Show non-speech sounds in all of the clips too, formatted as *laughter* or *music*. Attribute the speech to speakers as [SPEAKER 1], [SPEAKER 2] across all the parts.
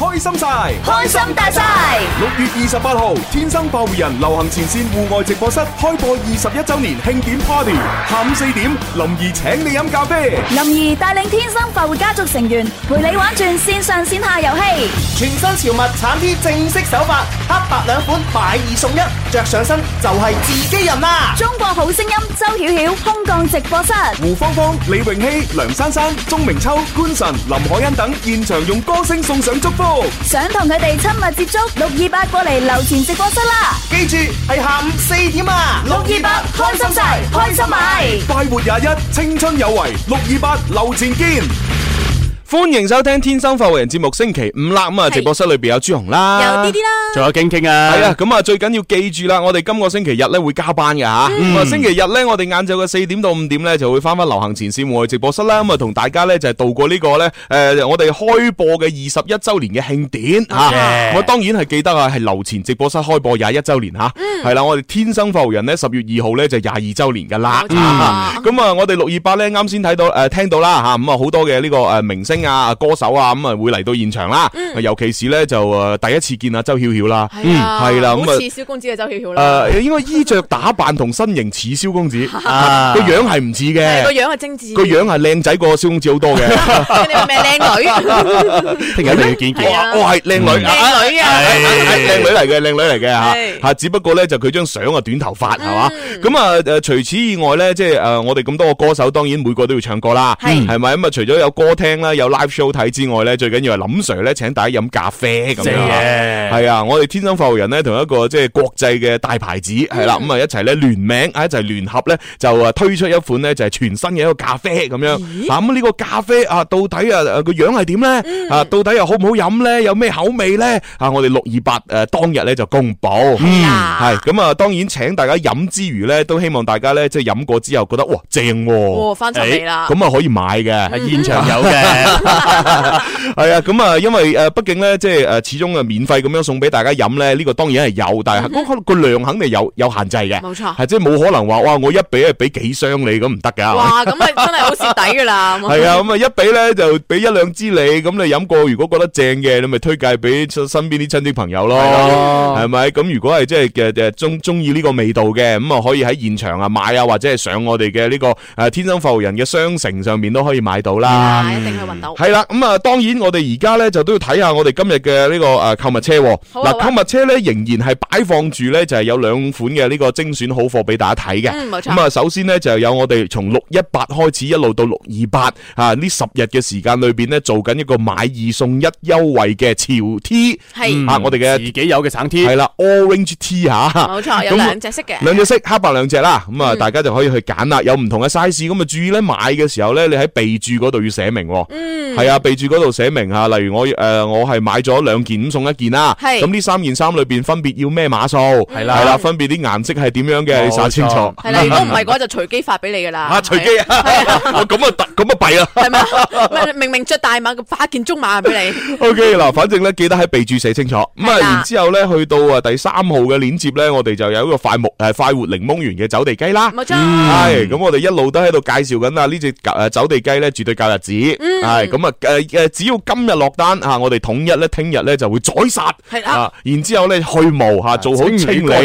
[SPEAKER 1] 開心晒，開心大晒！六月二十八號，天生保活人流行前線戶外直播室開播二十一周年慶典 party，下午四點，林兒請你飲咖啡。林
[SPEAKER 2] 兒帶領天生快活家族成員陪你玩轉線上線下遊戲。全新潮物產啲正式首發，黑白兩款買二送一，着上身就係自己人啦！中國好聲音周曉曉空降直播室，
[SPEAKER 1] 胡芳芳、李詠希、梁珊珊、鍾明秋、官神、林海恩等現場用歌聲送上祝福。
[SPEAKER 2] 想同佢哋親密接觸，六二八，過嚟留前直播室
[SPEAKER 1] 啦！記住係下午四點啊！六二八開心晒，開心買，快活廿一，青春有為，六二八留前見。歡迎收聽《天生發為人》節目，星期五啦咁啊！直播室裏邊有朱紅啦，有啲啲啦，仲有傾傾啊，係啊！咁啊，最緊要記住啦，我哋今個星期日咧會加班㗎、啊。吓，咁啊，星期日咧我哋晏晝嘅四點到五點咧就會翻翻流行前線戶外直播室啦，咁啊同大家咧就係、是、度過呢、這個咧誒、呃、我哋開播嘅二十一周年嘅慶典吓，咁、yeah. 啊、我當然係記得啊係流前直播室開播廿一周年吓，係、啊、啦、嗯啊，我哋天生發為人咧十月二號咧就廿二周年噶啦，咁啊、嗯、我哋六二八咧啱先睇到誒、呃、聽到啦吓，咁啊好、嗯、多嘅呢個誒明星。啊，歌手啊，咁、嗯、啊會嚟到現場啦，尤其是咧就誒第一次見啊周曉曉啦，係啦、啊，咁、嗯、啊似蕭公子嘅
[SPEAKER 3] 周曉曉啦，誒、嗯嗯呃、應
[SPEAKER 1] 該衣着打扮同身形似蕭公子，個、 *laughs* 啊啊啊、樣係唔似嘅，個樣係精致，個樣係靚仔過蕭公子好多嘅，你
[SPEAKER 3] 話咩靚女？
[SPEAKER 1] 聽日你要見一見，我係靚女，靚、哦、女
[SPEAKER 4] 啊，靚
[SPEAKER 1] 女嚟嘅，靚女嚟嘅吓吓，只不過咧就佢張相啊短頭髮係嘛，咁啊誒除此以外咧，即係誒我哋咁多個歌手，當然每個都要唱歌啦，係咪咁啊？除咗有歌聽啦，有 live show 睇之外咧，最緊要係林 Sir 咧，請大家飲咖啡咁樣，係啊，我哋天生發育人咧，同一個即係國際嘅大牌子係啦，咁啊、嗯、一齊咧聯名啊一齊聯合咧就啊推出一款咧就係全新嘅一個咖啡咁樣，嗱咁呢個咖啡啊到底啊個樣係點咧啊到底又好唔好飲咧，有咩口味咧啊我哋六二八誒當日咧就公布，係咁啊當然請大家飲之餘咧，都希望大家咧即係飲過之後覺得哇正、啊哦，翻出嚟啦，咁、欸、啊可以買嘅、嗯，現場有嘅。 *laughs* 係啊，咁啊，因為誒，畢竟咧，即係誒，始終啊，免費咁樣送俾大家飲咧，呢、呢個當然係有，但係個個量肯定有有限制嘅，冇、嗯、錯，係即係冇可能話哇，我一俾啊俾幾箱你咁唔得噶，哇，
[SPEAKER 3] 咁真係好蝕底噶啦，係 *laughs* 啊，咁、
[SPEAKER 1] 嗯、啊一俾咧就俾一兩支你，咁、嗯、你飲過如果覺得正嘅，你咪推介俾身邊啲親戚朋友咯，係、啊、咪？咁如果係即係嘅中中意呢個味道嘅，咁、嗯、啊可以喺現場啊買啊，或者係上我哋嘅呢個誒天生浮人嘅商城上面都可以買到啦，啊係啦，咁啊、嗯，當然我哋而家咧就都要睇下我哋今日嘅呢個誒購物車。好啦，嗱購物車咧仍然係擺放住咧，就係、是、有兩款嘅呢個精選好貨俾大家睇嘅。嗯，咁啊、嗯，首先咧就有我哋從六一八開始一路到六二八，吓呢十日嘅時間裏邊咧做緊一個買二送一優惠嘅潮 T，係吓我哋嘅自己有嘅橙 T，係啦，Orange T 吓，啊。冇錯，有兩隻色嘅。兩、嗯、隻色，黑白兩隻啦。咁、嗯、啊、嗯，大家就可以去揀啦。有唔同嘅 size，咁、嗯、啊注意咧買嘅時候咧，你喺備注嗰度要寫明。嗯嗯，係啊，備注嗰度寫明啊，例如我誒、呃，我係買咗兩件送一件啦，啊，咁呢三件衫裏邊分別要咩碼數，係啦、係、嗯、啦，分別啲顏色係點樣嘅，哦，你寫清楚。係啦，如果唔係嘅
[SPEAKER 3] 就隨機發俾你噶啦。啊，隨
[SPEAKER 1] 機啊，咁啊咁啊弊啦。
[SPEAKER 3] 係嘛， *laughs* 明明着大碼，發件中碼
[SPEAKER 1] 俾你。O K 嗱，反正咧記得喺備注寫清楚，咁啊、嗯，然後之後咧去到啊第三號嘅鏈接咧，我哋就有一個快誒快活檸檬園嘅走地雞啦。係，咁、嗯、我哋一路都喺度介紹緊啊呢隻誒走地雞咧，絕對夠日子。嗯咁啊，誒誒，只要今日落單啊，我哋統一咧，聽日咧就會宰殺，係啦，然之後咧去毛吓，做好清理，啊、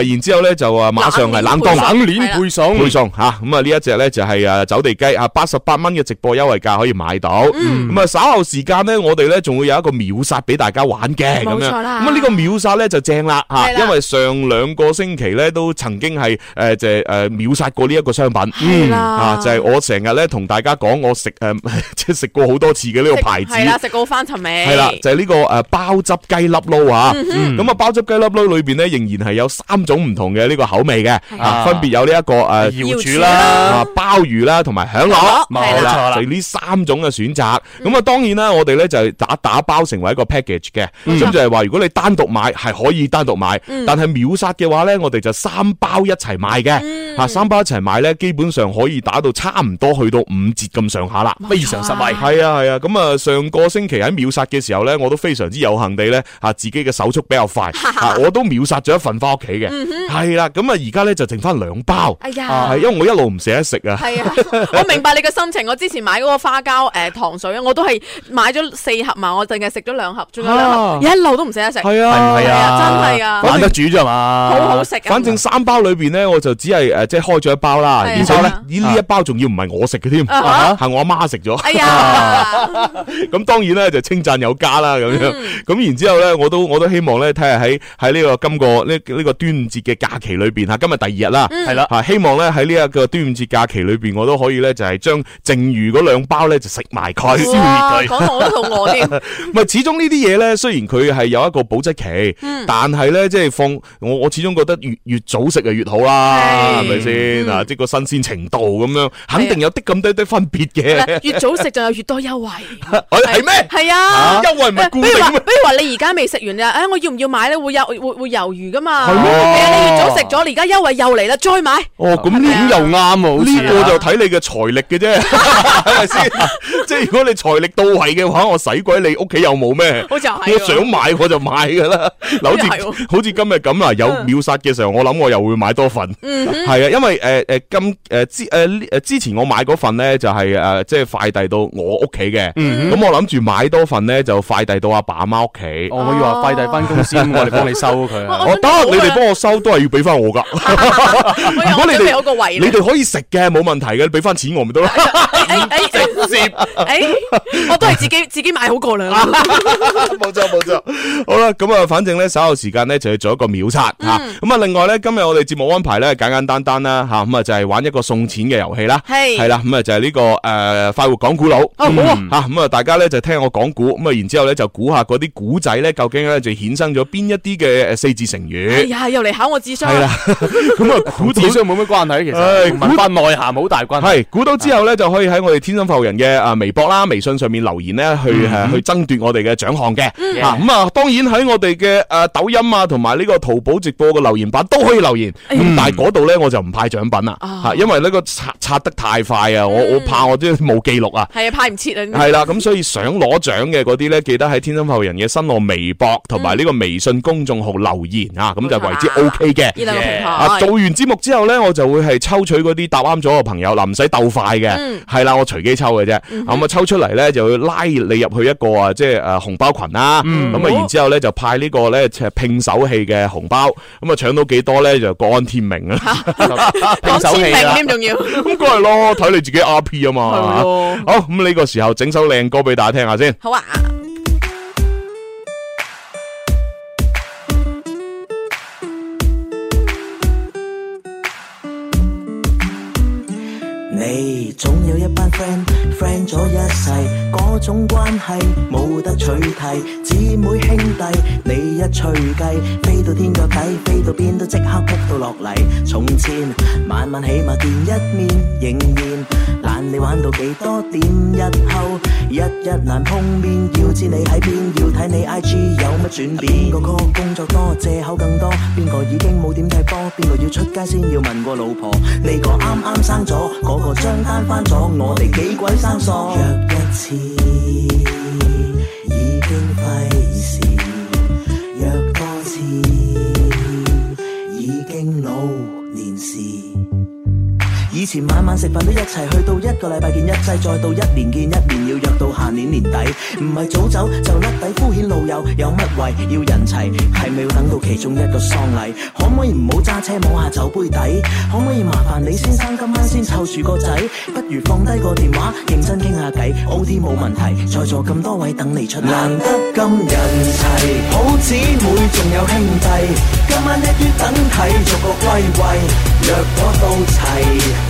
[SPEAKER 1] 嗯，然之後咧就啊，馬上係冷凍冷鏈
[SPEAKER 5] 配送，配送
[SPEAKER 1] 吓，咁啊呢一隻咧就係啊走地雞啊八十八蚊嘅直播優惠價可以買到，咁、嗯、啊、嗯、稍後時間咧，我哋咧仲會有一個秒殺俾大家玩嘅，咁樣，咁啊呢個秒殺咧就正啦吓，因為上兩個星期咧都曾經係誒就誒秒殺過呢一個商品，嗯啊就係、是、我成日咧同大家講我食誒即係食。過好多次嘅呢個牌子，啦，
[SPEAKER 4] 食
[SPEAKER 3] 過返尋味，係啦，就係、
[SPEAKER 1] 是、呢、這個誒鮑汁雞粒撈啊！咁啊，鮑汁雞粒撈、嗯嗯嗯、裏邊咧，仍然係有三種唔同嘅呢個口味嘅、嗯，啊，分別有呢、這、一個誒瑤柱啦，啊鮑魚啦，同埋響螺，係啦，就呢、就是、三種嘅選擇。咁、嗯、啊，嗯、當然啦，我哋咧就係、是、打打包成為一個 package 嘅，咁、嗯、就係、是、話如果你單獨買係可以單獨買，嗯、但係秒殺嘅話咧，我哋就三包一齊買嘅，吓、嗯啊、三包一齊買咧，基本上可以打到差唔多去到五折咁上下啦，非常實惠。係啊係啊，咁啊上個星期喺秒殺嘅時候咧，我都非常之有幸地咧，吓自己嘅手速比較快，哈哈啊、我都秒殺咗一份翻屋企嘅，係、嗯、啦，咁啊而家咧就剩翻兩包，係、哎啊、因為我一路唔捨得食啊。係啊，
[SPEAKER 5] 我
[SPEAKER 3] 明白你嘅心情。 *laughs* 我之前買嗰個花膠誒、呃、糖水啊，我都係買咗四盒嘛，我淨係食咗兩盒，仲、啊、有兩盒一路都唔捨得食。係啊啊,啊,
[SPEAKER 5] 啊，真係啊，忍得住
[SPEAKER 1] 啫嘛，好好食、啊。反正三包裏邊呢，我就只係誒、呃、即係開咗一包啦，而且、啊、呢呢、啊、一包仲要唔係我食嘅添，係、啊、我阿媽食咗。哎呀！咁 *laughs* 當然咧就稱讚有加啦，咁樣咁、嗯、然之後咧，我都我都希望咧睇下喺喺呢個今個呢呢個端午節嘅假期裏邊吓，今日第二日啦，係啦吓，希望咧喺呢一個端午節假期裏邊，我都可以咧就係將剩餘嗰兩包咧就食埋佢，消滅佢。講到我都肚餓
[SPEAKER 4] 添。
[SPEAKER 1] 唔 *laughs* 係始終呢啲嘢咧，雖然佢係有一個保質期，嗯、但係咧即係放我我始終覺得越越早食就越好啦，係咪先啊？即、嗯就是、個新鮮程度咁樣，肯定有啲咁多啲分別嘅、啊。越早食
[SPEAKER 3] 就。越多優惠係咩？係 *laughs* 啊，優惠咪，比如話，比如話你而家未食完啊，誒、哎，我要唔要買咧？會有會會猶豫噶嘛係、啊啊、你越早食咗，而家優惠又嚟啦，再買。
[SPEAKER 5] 哦，咁呢點又啱啊！呢、這個就
[SPEAKER 1] 睇你嘅財力嘅啫。 *laughs* *laughs* *laughs* 即係如果你財力到位嘅話，我使鬼你屋企有冇咩？好似、啊、我想買我就買噶啦。嗱 *laughs* 好像， *laughs* 好似好似今日咁啊，有秒殺嘅時候， *laughs* 我諗我又會買多份。係、嗯、啊，因為誒誒、呃、今誒之誒誒之前我買嗰份咧、就是，就係誒即係快遞到我。嗯嗯、哼我屋企嘅，咁我諗住買多份咧，就快遞到阿爸阿媽屋企。我可、哦啊、以話快遞翻公司，我哋幫你收佢。我得，你哋幫我收都係要俾翻我噶。
[SPEAKER 3] *laughs* *laughs* 如果你哋有 *laughs* 個位你，你哋可
[SPEAKER 1] 以食嘅冇問題嘅，俾翻錢我咪得咯。 *laughs*
[SPEAKER 3] 誒、 *laughs* 哎，我都係自己 *laughs* 自己買好過
[SPEAKER 1] 啦。冇錯冇錯，好啦，咁啊，反正咧稍後時間咧就去做一個秒測啊。咁、嗯、啊，另外咧今日我哋節目安排咧簡簡單單啦吓，咁啊就係、是、玩一個送錢嘅遊戲啦。
[SPEAKER 4] 係係啦，咁
[SPEAKER 1] 啊就係、是、呢、這個誒、呃、快活講古佬好吓，咁、哦嗯、啊大家咧就聽我講古，咁啊然之後咧就估下嗰啲古仔咧究竟咧就衍生咗邊一啲嘅四字成語。哎呀，
[SPEAKER 3] 又嚟考我智商。係啦，
[SPEAKER 1] 咁 *laughs* 啊估智商冇乜關係其實，估、欸、文化內涵冇大關係。係估到之後咧就可以喺我哋天生浮人嘅。嘅微博啦，微信上面留言咧，去誒、mm. 啊、去爭奪我哋嘅獎項嘅。啊，咁啊，當然喺我哋嘅誒抖音啊，同埋呢個淘寶直播嘅留言板都可以留言。咁、mm. 但係嗰度咧，我就唔派獎品啦。啊、oh.，因為呢個刷刷得太快啊，mm. 我我怕我都冇記錄啊。係
[SPEAKER 3] 啊，派唔切啊。係
[SPEAKER 1] 啦，咁所以想攞獎嘅嗰啲咧，記得喺天生後人嘅新浪微博同埋呢個微信公眾號留言、oh. 啊，咁就為之 OK 嘅、yeah. yeah. yeah. 啊。做完節目之後咧，我就會係抽取嗰啲答啱咗嘅朋友。嗱、mm. 啊，唔使鬥快嘅，係、mm. 啦，我隨機抽嘅啫。咁、嗯、啊抽出嚟咧，就拉你入去一個啊，即係誒紅包群啦。咁、嗯、啊，然之後咧就派呢個咧，即係拼手氣嘅紅包。咁、嗯、啊，搶到幾多咧就各安天命。
[SPEAKER 2] 拼手氣啦，添仲要。咁
[SPEAKER 1] 咪咯，睇你自己 R P 啊嘛。好，咁呢個時候整首靚歌俾大家聽下先。好
[SPEAKER 3] 啊。
[SPEAKER 6] Hey, 總有一班 friend，friend 咗一世，嗰種關係冇得取替。姊妹兄弟，你一吹雞，飛到天腳底，飛到邊都即刻撲到落嚟。從前晚晚起碼見一面，仍然。你玩到幾多點？日後日日難碰面，要知你喺邊，要睇你 IG 有乜轉變。邊個 call 工作多，借口更多？邊個已經冇點睇波？邊個要出街先要問個老婆？你個啱啱生咗，嗰個張單翻咗，我哋幾鬼生疏。約一次。以前晚晚食飯都一齊，去到一個禮拜見一次，再到一年見一年，要約到下年年底。唔係早走就甩底，敷衍老友有乜謂？要人齊係咪要等到其中一個喪禮？可唔可以唔好揸車摸下酒杯底？可唔可以麻煩李先生今晚先湊住個仔？不如放低個電話認真傾下偈，O T 冇問題，在座咁多位等你出嚟。難得咁人齊，好姊妹仲有兄弟，今晚一於等睇，做個歸位，若果到齊。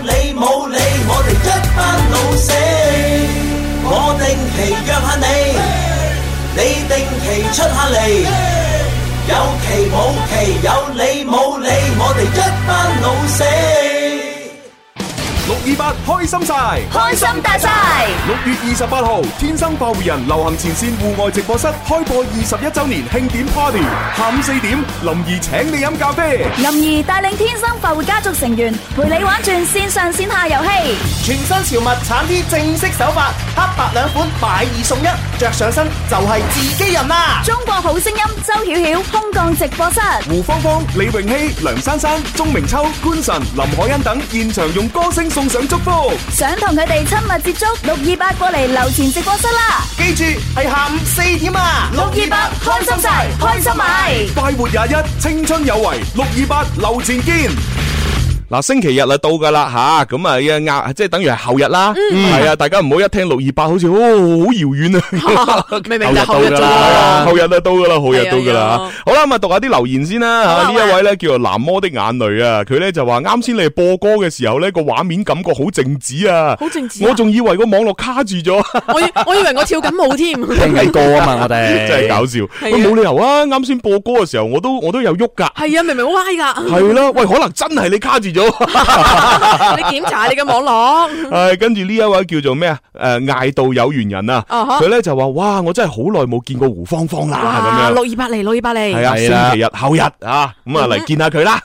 [SPEAKER 6] 約下你，hey! 你定期出下嚟，hey! 有期冇期，有你冇你，我哋一班老死。
[SPEAKER 1] 六二八開心晒，開心大晒！六月二十八號，天生化活人流行前線戶外直播室開播二十一周年慶典 party，下午四點，林怡請你飲咖啡。林
[SPEAKER 2] 怡帶領天生快活家族成員，陪你玩轉線上線下遊戲。全新潮物產啲正式首發，黑白兩款買二送一，着上身就係自己人啦！中國好聲音周曉曉空降直播室，
[SPEAKER 1] 胡芳芳、李詠希、梁珊珊、鐘明秋、官神、林海欣等現場用歌聲。送上祝福，
[SPEAKER 2] 想同佢哋親密接觸，六二八過嚟樓前
[SPEAKER 1] 直播室啦！記住係下午四點啊！六二八開心曬，開心買，快活廿一，青春有為，六二八樓前見。嗱，星期日啦，到噶啦，吓、啊、咁啊，啊，啊，啊，即係等於係後日啦，係、嗯、啊、嗯，大家唔好一聽六二八，好似好遙遠啊，後日到噶啦，後日都到噶啦，後日到噶啦、啊啊啊，好啦，咁啊，讀下啲留言先啦，吓呢、啊啊、一位咧叫做藍魔的眼淚啊，佢咧就話啱先你播歌嘅時候咧個畫面感覺好靜止啊，好靜、啊、我仲以為個網絡卡住咗， *laughs* 我以為我跳緊舞添， *laughs* 聽歌啊嘛，我 *laughs* 哋真係搞笑，冇、啊啊、理由啊，啱先播歌嘅時候我都我都有喐噶，
[SPEAKER 3] 係啊，明明好歪噶，係 *laughs* 啦、啊，喂，
[SPEAKER 1] 可能真係你卡住咗。 *laughs* *laughs*
[SPEAKER 3] *laughs* 你檢查你嘅網絡。
[SPEAKER 1] 係、啊、跟住呢一位叫做咩啊？誒，嗌道有緣人啊，佢、uh、咧 -huh. 就話：，哇，我真係好耐冇見過胡芳芳啦。哇、uh -huh.，六
[SPEAKER 3] 二八嚟，六二八嚟。係啊,啊,啊,啊，星期
[SPEAKER 1] 日後日啊，咁、嗯、啊嚟見下佢啦。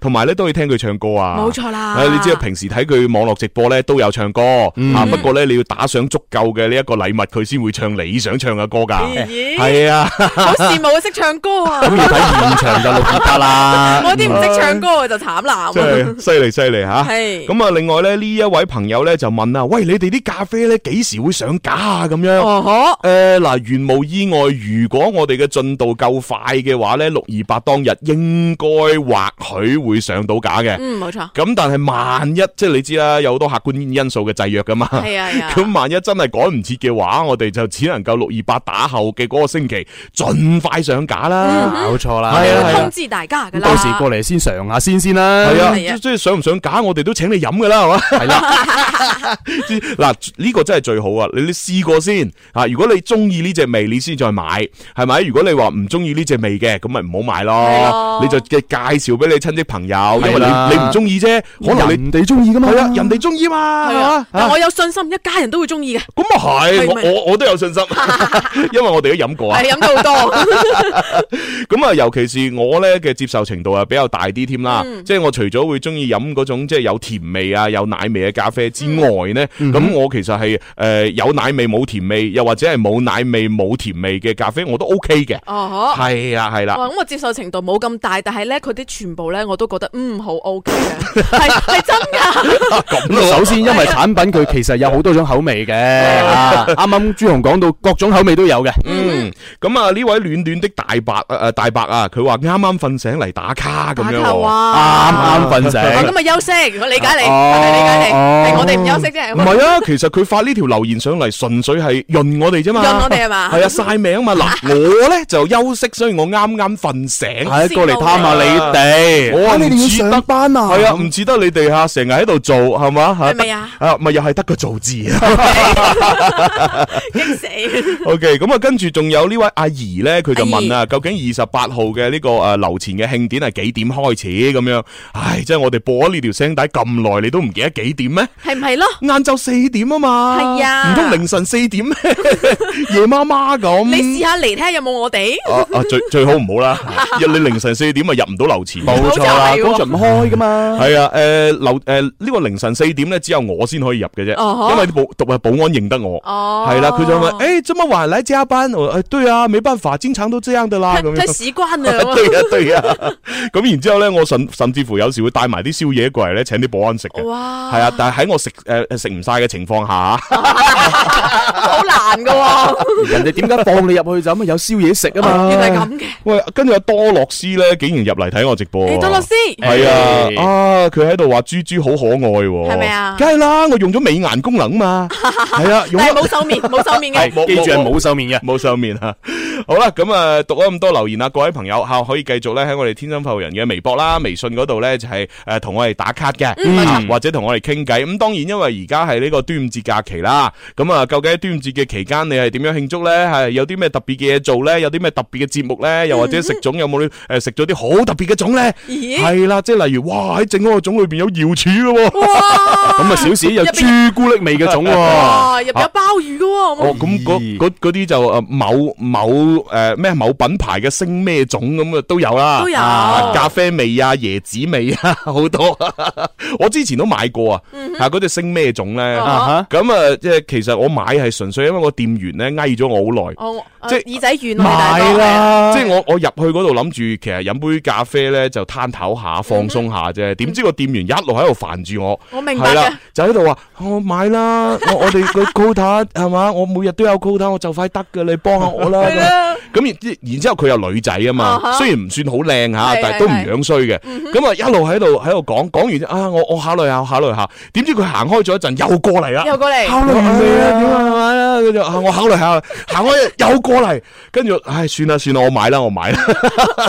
[SPEAKER 1] 同埋咧都要聽佢唱歌啊。冇錯啦。係、啊、你知啊，平時睇佢網絡直播咧都有唱歌吓、嗯啊，不過咧你要打賞足夠嘅呢一個禮物，佢先會唱你想唱嘅歌噶。係、嗯嗯欸、啊。好羨
[SPEAKER 3] 慕佢識唱歌啊。
[SPEAKER 1] 咁要睇現場就六百啦。 *laughs* *laughs* 我啲唔識唱
[SPEAKER 3] 歌我就慘啦。 *laughs* 啊 *laughs*
[SPEAKER 1] 犀利犀利吓，咁啊！另外咧，呢一位朋友咧就問啦：，喂，你哋啲咖啡咧幾時會上架啊？咁樣哦，誒，嗱，原冇意外，如果我哋嘅進度夠快嘅話咧，六二八當日應該或許會上到架嘅。
[SPEAKER 4] 嗯，冇錯。
[SPEAKER 3] 咁
[SPEAKER 1] 但係萬一，即係你知啦，有好多客觀因素嘅制約噶嘛。係啊。係啊。咁萬一真係趕唔切嘅話，我哋就只能夠六二八打後嘅嗰個星期盡快上架啦。冇、嗯、錯啦，係啊，通知
[SPEAKER 3] 大家噶啦，到時過
[SPEAKER 1] 嚟先嘗下先先啦。係啊。即係、啊、想唔想假，我哋都請你飲噶啦，係嘛、啊？係啦，嗱呢個真係最好啊！你你試過先吓，如果你中意呢隻味，你先再買，係咪？如果你話唔中意呢隻味嘅，咁咪唔好買咯、啊。你就介介紹俾你親戚朋友，因為你、啊、你唔中意
[SPEAKER 5] 啫。可能你人哋中
[SPEAKER 1] 意噶嘛？係啊，人哋
[SPEAKER 5] 中
[SPEAKER 3] 意嘛？係啊。我有信心、啊，一家人都會中意嘅。咁
[SPEAKER 1] 啊係，我我都有信心， *laughs* 因為我哋都飲過啊，飲到好多。咁啊，尤其是我咧嘅接受程度啊，比較大啲添啦，即係我除。咗會中意飲嗰種即係有甜味啊，有奶味嘅咖啡之外呢，咁、嗯、我其實係誒、呃、有奶味冇甜味，又或者係冇奶味冇甜味嘅咖啡我都 OK 嘅。哦，係啊，係
[SPEAKER 5] 啦、啊。咁、
[SPEAKER 3] 哦、我接受程度冇咁大，但係呢，佢啲全部呢，我都覺得嗯，好 OK 啊，
[SPEAKER 5] 係 *laughs* 真噶、 *laughs* 嗯。咁首先因為產品佢其實有好多種口味嘅，啱 *laughs* 啱、啊、朱紅講到各種口味都有嘅。嗯，咁啊呢位暖暖的大白誒、
[SPEAKER 1] 呃、大白啊，佢話啱啱瞓醒嚟打卡咁樣喎，啱
[SPEAKER 3] 啱。瞓醒，我今日休息，我理解你，我理解你，係我哋唔休息啫。唔係啊，
[SPEAKER 1] 其實佢發呢條留言上嚟，純粹係潤我哋啫嘛。潤我哋係嘛？係啊，晒命啊嘛。嗱，我咧就休息，所以我啱啱瞓醒，係過嚟探下你哋。我唔似得
[SPEAKER 5] 班啊，係啊，唔
[SPEAKER 1] 似得你哋吓成日喺度做，係嘛吓？係咪啊？吓咪又係得個做字啊？驚死！OK，咁啊，跟住仲有呢位阿姨咧，佢就問啊，究竟二十八號嘅呢個誒樓前嘅慶典係幾點開始咁樣？唉。哎、即係我哋播咗呢條聲帶咁耐，你都唔記得幾點咩？係唔係咯？晏晝四點啊嘛，係啊，唔通凌晨四點咩？夜媽媽咁。
[SPEAKER 3] 你試下嚟聽下有冇我哋？
[SPEAKER 1] 最最好唔好啦， *laughs* 你凌晨四點咪入唔到樓前。冇錯啦，嗰陣唔
[SPEAKER 5] 開噶嘛。係、嗯、
[SPEAKER 1] 啊，誒樓誒呢個凌晨四點咧，只有我先可以入嘅啫，uh -huh. 因為保讀保安認得我。哦、uh -huh. 啊，係啦，佢就問誒，做乜話嚟加班？我誒、哎、對啊，沒辦法，經常都這樣的啦。咁樣
[SPEAKER 3] *laughs* 啊，對
[SPEAKER 1] 啊，對啊。咁 *laughs* 然之後咧，我甚甚至乎有時。會帶埋啲宵夜過嚟咧，請啲保安食嘅。係啊，但係喺我食誒誒、呃、食唔晒嘅情況下好 *laughs* 難噶、啊。人哋點解放你入去就咁有宵夜食啊嘛、哦，原來咁嘅。喂，跟住阿多洛斯咧，竟然入嚟睇我直播、啊欸。多洛斯係啊、欸，啊，佢喺度話豬豬好可愛，係咪啊？梗係啦，我用咗美顏功能嘛，係啊，用。冇瘦面，冇瘦面嘅、哎，記住係冇瘦面嘅，冇瘦面啊！ *laughs* 好啦，咁啊，讀咗咁多留言啊，各位朋友吓可以繼續咧喺我哋天生快活人嘅微博啦、微信嗰度咧就係係誒，同我哋打卡嘅，或者同我哋傾偈。咁當然，因為而家係呢個端午節假期啦。咁啊，究竟喺端午節嘅期間，你係點樣慶祝咧？係有啲咩特別嘅嘢做咧？有啲咩特別嘅節目咧？又或者食糉有冇啲誒食咗啲好特別嘅糉咧？係啦，即係例如，哇喺正嗰個糉裏邊有瑤柱咯，哇！咁啊，少少有朱古力味嘅糉喎，入邊有
[SPEAKER 3] 鮑魚噶喎。哦，
[SPEAKER 1] 咁嗰嗰嗰啲就誒某某誒咩某品牌嘅星咩糉咁啊都有啦，都有咖啡味啊、椰子味啊。好 *laughs* 很多， *laughs* 我之前都買過、mm -hmm. 啊，吓嗰隻星咩種咧？咁、uh -huh. 啊，即係其實我買係純粹因為個店員咧哀咗我好耐、oh,
[SPEAKER 3] uh,，即係耳仔軟，買啦！
[SPEAKER 1] 即係我我入去嗰度諗住，其實飲杯咖啡咧就攤抖下放鬆下啫。點、mm -hmm. 知個店員一路喺度煩住我、mm -hmm.，我明白。係啦，就喺度話我買啦， *laughs* 我我哋個 quota 係嘛，我每日都有 quota，我就快得㗎，你幫下我啦。咁 *laughs* 然之然之後佢有女仔啊嘛，雖然唔算好靚吓，uh -huh. 但係都唔樣衰嘅，咁、mm、啊 -hmm. 嗯 -hmm. 一路喺。喺度喺度講，講完啊，我我考慮下，我考慮下，點知佢行開咗一陣，又過嚟啦，又過嚟，考慮下點啊，啊，啊，啊，啊？我考慮下，行 *laughs* 開又過嚟，跟住唉，算啦算啦，我買啦，我買啦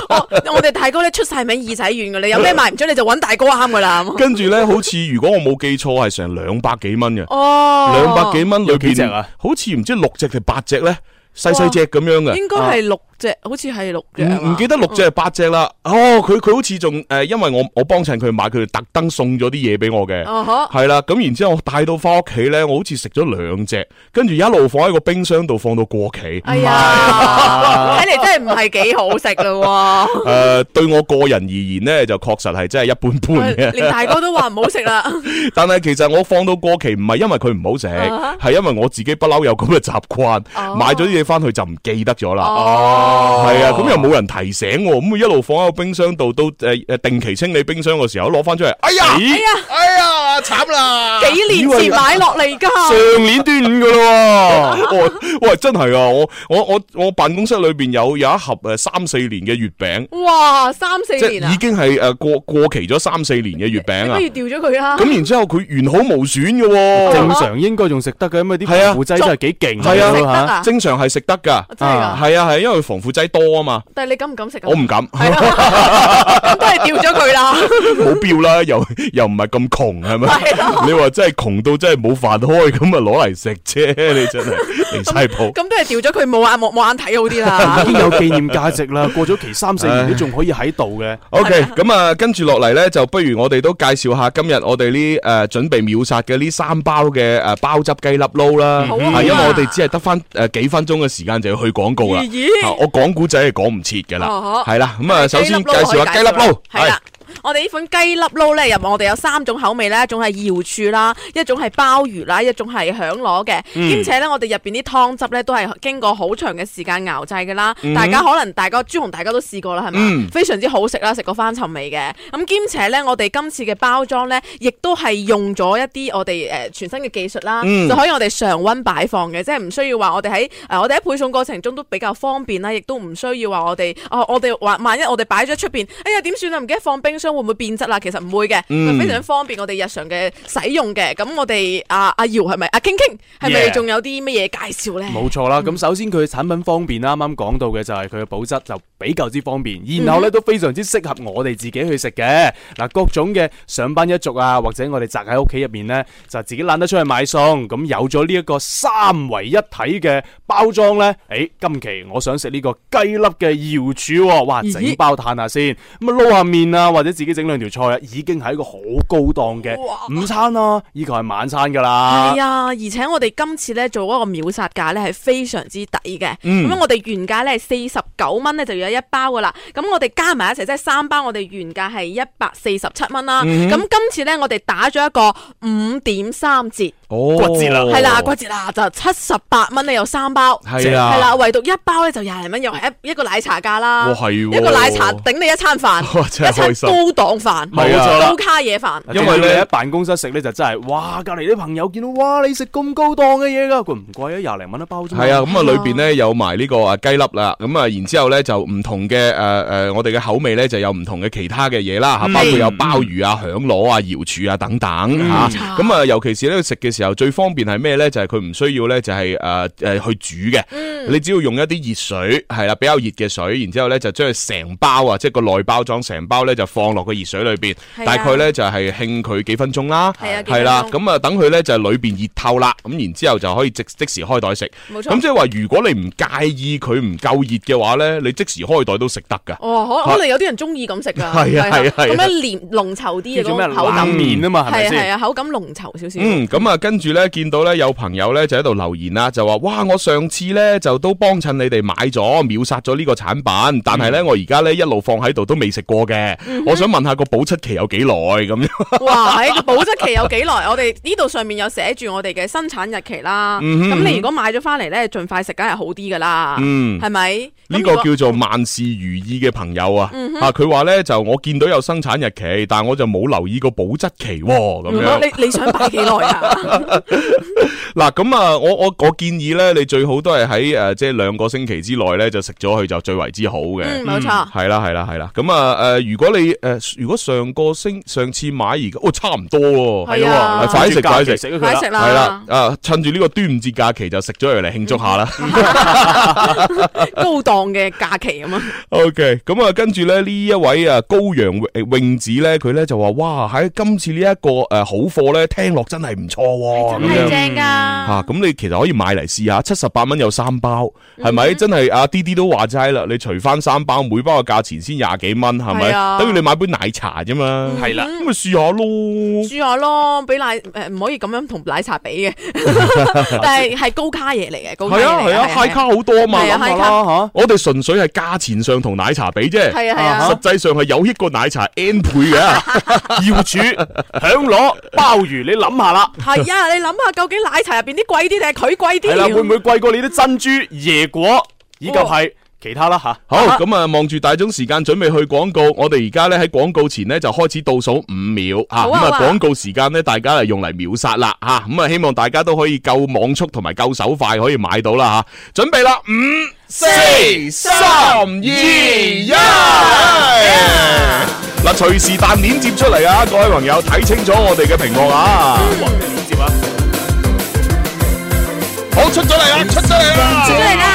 [SPEAKER 1] *laughs* 、
[SPEAKER 3] 哦。我哋大哥咧出晒名，二仔院噶，你有咩賣唔出，你就揾大哥啱噶啦。
[SPEAKER 1] 跟住咧，好似如果我冇記錯，係成兩百、哦、兩百幾蚊嘅，兩百幾蚊裏邊，有幾隻啊？好似唔知六隻定八隻咧，細細隻咁樣嘅，應該係
[SPEAKER 3] 六。啊隻好似係六隻，唔記得六隻係
[SPEAKER 1] 八隻啦。哦，佢佢好似仲誒，因為我我幫襯佢買，佢特登送咗啲嘢俾我嘅。哦、uh -huh.，係啦，咁然之後我帶到翻屋企咧，我好似食咗兩隻，跟住一路放喺個冰箱度，放到過期。係、哎、
[SPEAKER 3] 啊，睇 *laughs* 嚟真係唔係幾好食咯。誒、
[SPEAKER 1] 呃，對我個人而言咧，就確實係真係一般般嘅、啊。連大哥都
[SPEAKER 3] 話唔好食啦。
[SPEAKER 1] *laughs* 但係其實我放到過期，唔係因為佢唔好食，係、uh -huh. 因為我自己不嬲有咁嘅習慣，uh -huh. 買咗啲嘢翻去就唔記得咗啦。哦、uh -huh. 啊。係啊，咁、啊、又冇人提醒、啊，咁一路放喺個冰箱度，到誒誒定期清理冰箱嘅時候攞翻出嚟，哎呀，哎呀，哎呀，慘、哎、啦！幾年前買落嚟噶，上年端午噶咯、啊， *laughs* 喂，真係啊，我我我我辦公室裏邊有有一盒誒三四年嘅月餅，
[SPEAKER 3] 哇，三四年、啊、已
[SPEAKER 1] 經係誒過過期咗三四年嘅月餅啊，不
[SPEAKER 3] 如掉咗佢啊！咁然
[SPEAKER 1] 之後佢完好無損喎、啊！正常應該仲食得嘅，因為啲防腐劑真係幾勁，係啊，啊，啊得，正常係食得噶，係啊係、啊啊啊，因為防腐劑多啊嘛，
[SPEAKER 3] 但係你敢唔敢食啊？我唔
[SPEAKER 1] 敢，咁
[SPEAKER 3] 都係掉咗佢啦，
[SPEAKER 1] 冇必要啦，又又唔係咁窮係咪？啊、 *laughs* 你話真係窮到真係冇飯開，咁啊攞嚟食啫，你真係，離晒譜，咁、
[SPEAKER 3] 嗯嗯、都係掉咗佢，冇眼冇冇眼睇好啲啦， *laughs* 已經有紀念
[SPEAKER 5] 價值啦，過咗期三四年你仲可以喺度嘅。
[SPEAKER 1] OK，咁啊、嗯，跟住落嚟咧，就不如我哋都介紹下今日我哋呢誒準備秒殺嘅呢三包嘅誒鮑汁雞粒撈啦、嗯，因為我哋只係得翻誒幾分鐘嘅時間就要去廣告啦。嗯我講古仔係講唔切噶啦，係、哦、啦，咁、哦、啊、嗯嗯嗯嗯嗯，首先介紹下雞粒撈，係。
[SPEAKER 3] 我哋呢款雞粒撈咧，入，我哋有三種口味咧，一種係瑤柱啦，一種係鮑魚啦，一種係響螺嘅。兼、嗯、且咧，我哋入邊啲湯汁咧都係經過好長嘅時間熬製㗎啦。大家可能大家朱紅大家都試過啦，係咪、嗯？非常之好食啦，食過翻尋味嘅。咁、嗯、兼且咧，我哋今次嘅包裝咧，亦都係用咗一啲我哋誒全新嘅技術啦，就、嗯、可以我哋常温擺放嘅，即係唔需要話我哋喺誒我哋喺配送過程中都比較方便啦，亦都唔需要話我哋哦、啊，我哋話萬一我哋擺咗出邊，哎呀點算啊？唔記得放冰。會唔會變質啦？其實唔會嘅，嗯、非常方便我哋日常嘅使用嘅。咁我哋阿阿姚係咪？阿傾傾係咪？仲、啊啊啊 yeah. 有啲乜嘢介紹咧？冇錯啦。咁首
[SPEAKER 5] 先佢產品方便，啱啱講到嘅就係佢嘅保質就。比較之方便，然後咧都非常之適合我哋自己去食嘅嗱，各種嘅上班一族啊，或者我哋宅喺屋企入面呢，就自己懶得出去買餸，咁有咗呢一個三位一體嘅包裝呢，誒、欸，今期我想食呢個雞粒嘅瑤柱、啊，哇，整包嘆下先，咁啊撈下面啊，或者自己整兩條菜啊，已經係一個好高檔嘅午餐啦、啊，依個係晚餐噶啦，係
[SPEAKER 3] 啊，而且我哋今次呢做嗰個秒殺價呢，係非常之抵嘅，咁、嗯、我哋原價呢係四十九蚊呢就要。有一包噶啦，咁我哋加埋一齊即係三包，我哋原價係一百四十七蚊啦。咁今次呢，我哋打咗一個五點三折，骨、哦、折啦，係啦，骨折啦，就七十八蚊呢有三包，係啦，唯獨一包呢，就廿零蚊，又係一個奶茶價啦、哦，一個奶茶頂你一餐飯、哦，
[SPEAKER 5] 一餐高檔
[SPEAKER 3] 飯，高卡嘢飯。因為
[SPEAKER 5] 你喺辦公室食呢，呢，就真係，哇！隔籬啲朋友見到哇，你食咁高檔嘅嘢噶，佢唔貴啊？廿零蚊一包。係啊，咁啊，裏
[SPEAKER 1] 邊呢，有埋呢個啊雞粒啦，咁啊，然之後呢就。唔同嘅誒誒，我哋嘅口味咧，就有唔同嘅其他嘅嘢啦吓，包括有鮑魚啊、響螺啊、瑤柱啊等等吓。咁、嗯、啊、嗯，尤其是咧食嘅時候，最方便係咩咧？就係佢唔需要咧、就是，就係誒誒去煮嘅、嗯。你只要用一啲熱水係啦，比較熱嘅水，然之後咧就將佢成包啊，即係個內包裝成包咧，就、是、就放落個熱水裏邊。大概咧就係氹佢幾分鐘啦。係啊，係啦，咁啊等佢咧就裏邊熱透啦。咁然之後就可以即即時開袋食。冇錯。咁即係話，如果你唔介意佢唔夠熱嘅話咧，你即時。開袋都食得噶，哦，可可能有
[SPEAKER 3] 啲人中意咁食噶，係啊係啊，咁樣、啊啊啊啊啊啊啊、黏濃稠啲嘅口感啊嘛，係啊係啊，口感濃稠少少。嗯，咁、嗯、
[SPEAKER 1] 啊、嗯，跟住咧見到咧有朋友咧就喺度留言啦，就話：哇！我上次咧就都幫襯你哋買咗，秒殺咗呢個產品，嗯、但係咧我而家咧一路放喺度都未食過嘅、嗯，我想問下個保質期有幾耐咁樣？
[SPEAKER 4] 哇！個
[SPEAKER 3] 保質期有幾耐、嗯？我哋呢度上面有寫住我哋嘅生產日期啦，咁、嗯、你如果買咗翻嚟咧，盡快食梗係好啲噶啦，嗯，係咪？呢、嗯這個叫做
[SPEAKER 1] 萬事如意嘅朋友啊，嗯、啊佢話咧就我見到有生產日期，但係我就冇留意個保質期咁、啊、樣、嗯。
[SPEAKER 4] 你你想擺幾耐啊？
[SPEAKER 1] 嗱 *laughs* 咁啊，啊，啊，我我我建議咧，你最好都係喺誒，即係兩個星期之內咧就食咗佢就最為之好嘅。冇、嗯、錯，係啦係啦係啦。咁啊誒、啊，如果你誒、呃、如果上個星上次買而家，哦，差唔多係啊，快食快食食咗佢啦，係啦啊趁住呢個端午節假期就食咗佢嚟慶祝下啦，
[SPEAKER 3] 高檔嘅假期、啊。 *laughs*
[SPEAKER 1] O K，咁啊，跟住咧呢一位啊高楊泳子咧，佢咧就話哇喺今次呢一個誒好貨咧，聽落真係唔錯喎，真係正㗎！吓，咁你其實可以買嚟試下，七十八蚊有三包，係、mm、咪 -hmm. 真係啊？啲啲都話齋啦，你除翻三包，每包嘅價錢先廿幾蚊，係咪？等、yeah. 於你買杯奶茶啫嘛，係、mm -hmm. 啦，咁咪試下咯，
[SPEAKER 4] 試
[SPEAKER 3] 下咯，俾奶誒唔可以咁樣同奶茶比嘅， *laughs* *laughs* *laughs* 但係係高卡嘢嚟嘅，高卡嘢係啊係啊，high、啊、卡好多啊嘛，係啊，high 卡吓、
[SPEAKER 1] 啊，我哋純粹係價。錢上同奶茶比啫、啊啊，實際上係有益過奶茶 n 倍嘅，要煮響螺、
[SPEAKER 5] 鮑 *laughs* 魚，你諗下啦。係啊，
[SPEAKER 3] 你諗下究竟奶茶入邊啲貴啲定係佢貴啲？係啦、啊，會唔
[SPEAKER 5] 會貴過你啲珍珠、嗯、椰果？以及係。哦其他啦吓、啊，好咁啊！望、啊、住大鐘時
[SPEAKER 1] 間，準備去廣告。我哋而家咧喺廣告前呢，就開始倒數五秒吓，咁啊廣、啊啊啊啊啊、告時間呢，大家係用嚟秒殺啦吓，咁啊，啊希望大家都可以夠網速同埋夠手快可以買到啦吓、啊。準備啦，五、四、三、二、一、啊，嗱、啊！隨、yeah. 時彈鏈接出嚟啊，各位朋友睇清楚我哋嘅屏幕、嗯、啊鏈接啊！好，出咗嚟啦，出
[SPEAKER 7] 咗嚟啦，出咗嚟啦！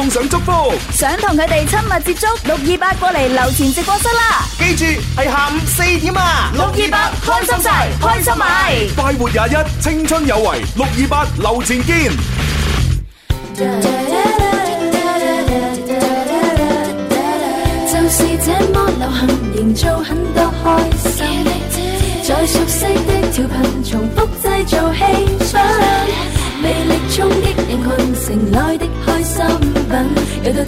[SPEAKER 1] 送上祝福，
[SPEAKER 2] 想同佢哋親密接觸。六二八過嚟樓前直播室啦！記住
[SPEAKER 1] 係下午四點啊！六二八，開心晒，開心埋，快活廿一，青春有為。六二八，樓前見。就是這
[SPEAKER 4] 麼流
[SPEAKER 8] 行，營造很多開心，在熟悉的調頻重複製造氣氛，魅力衝擊。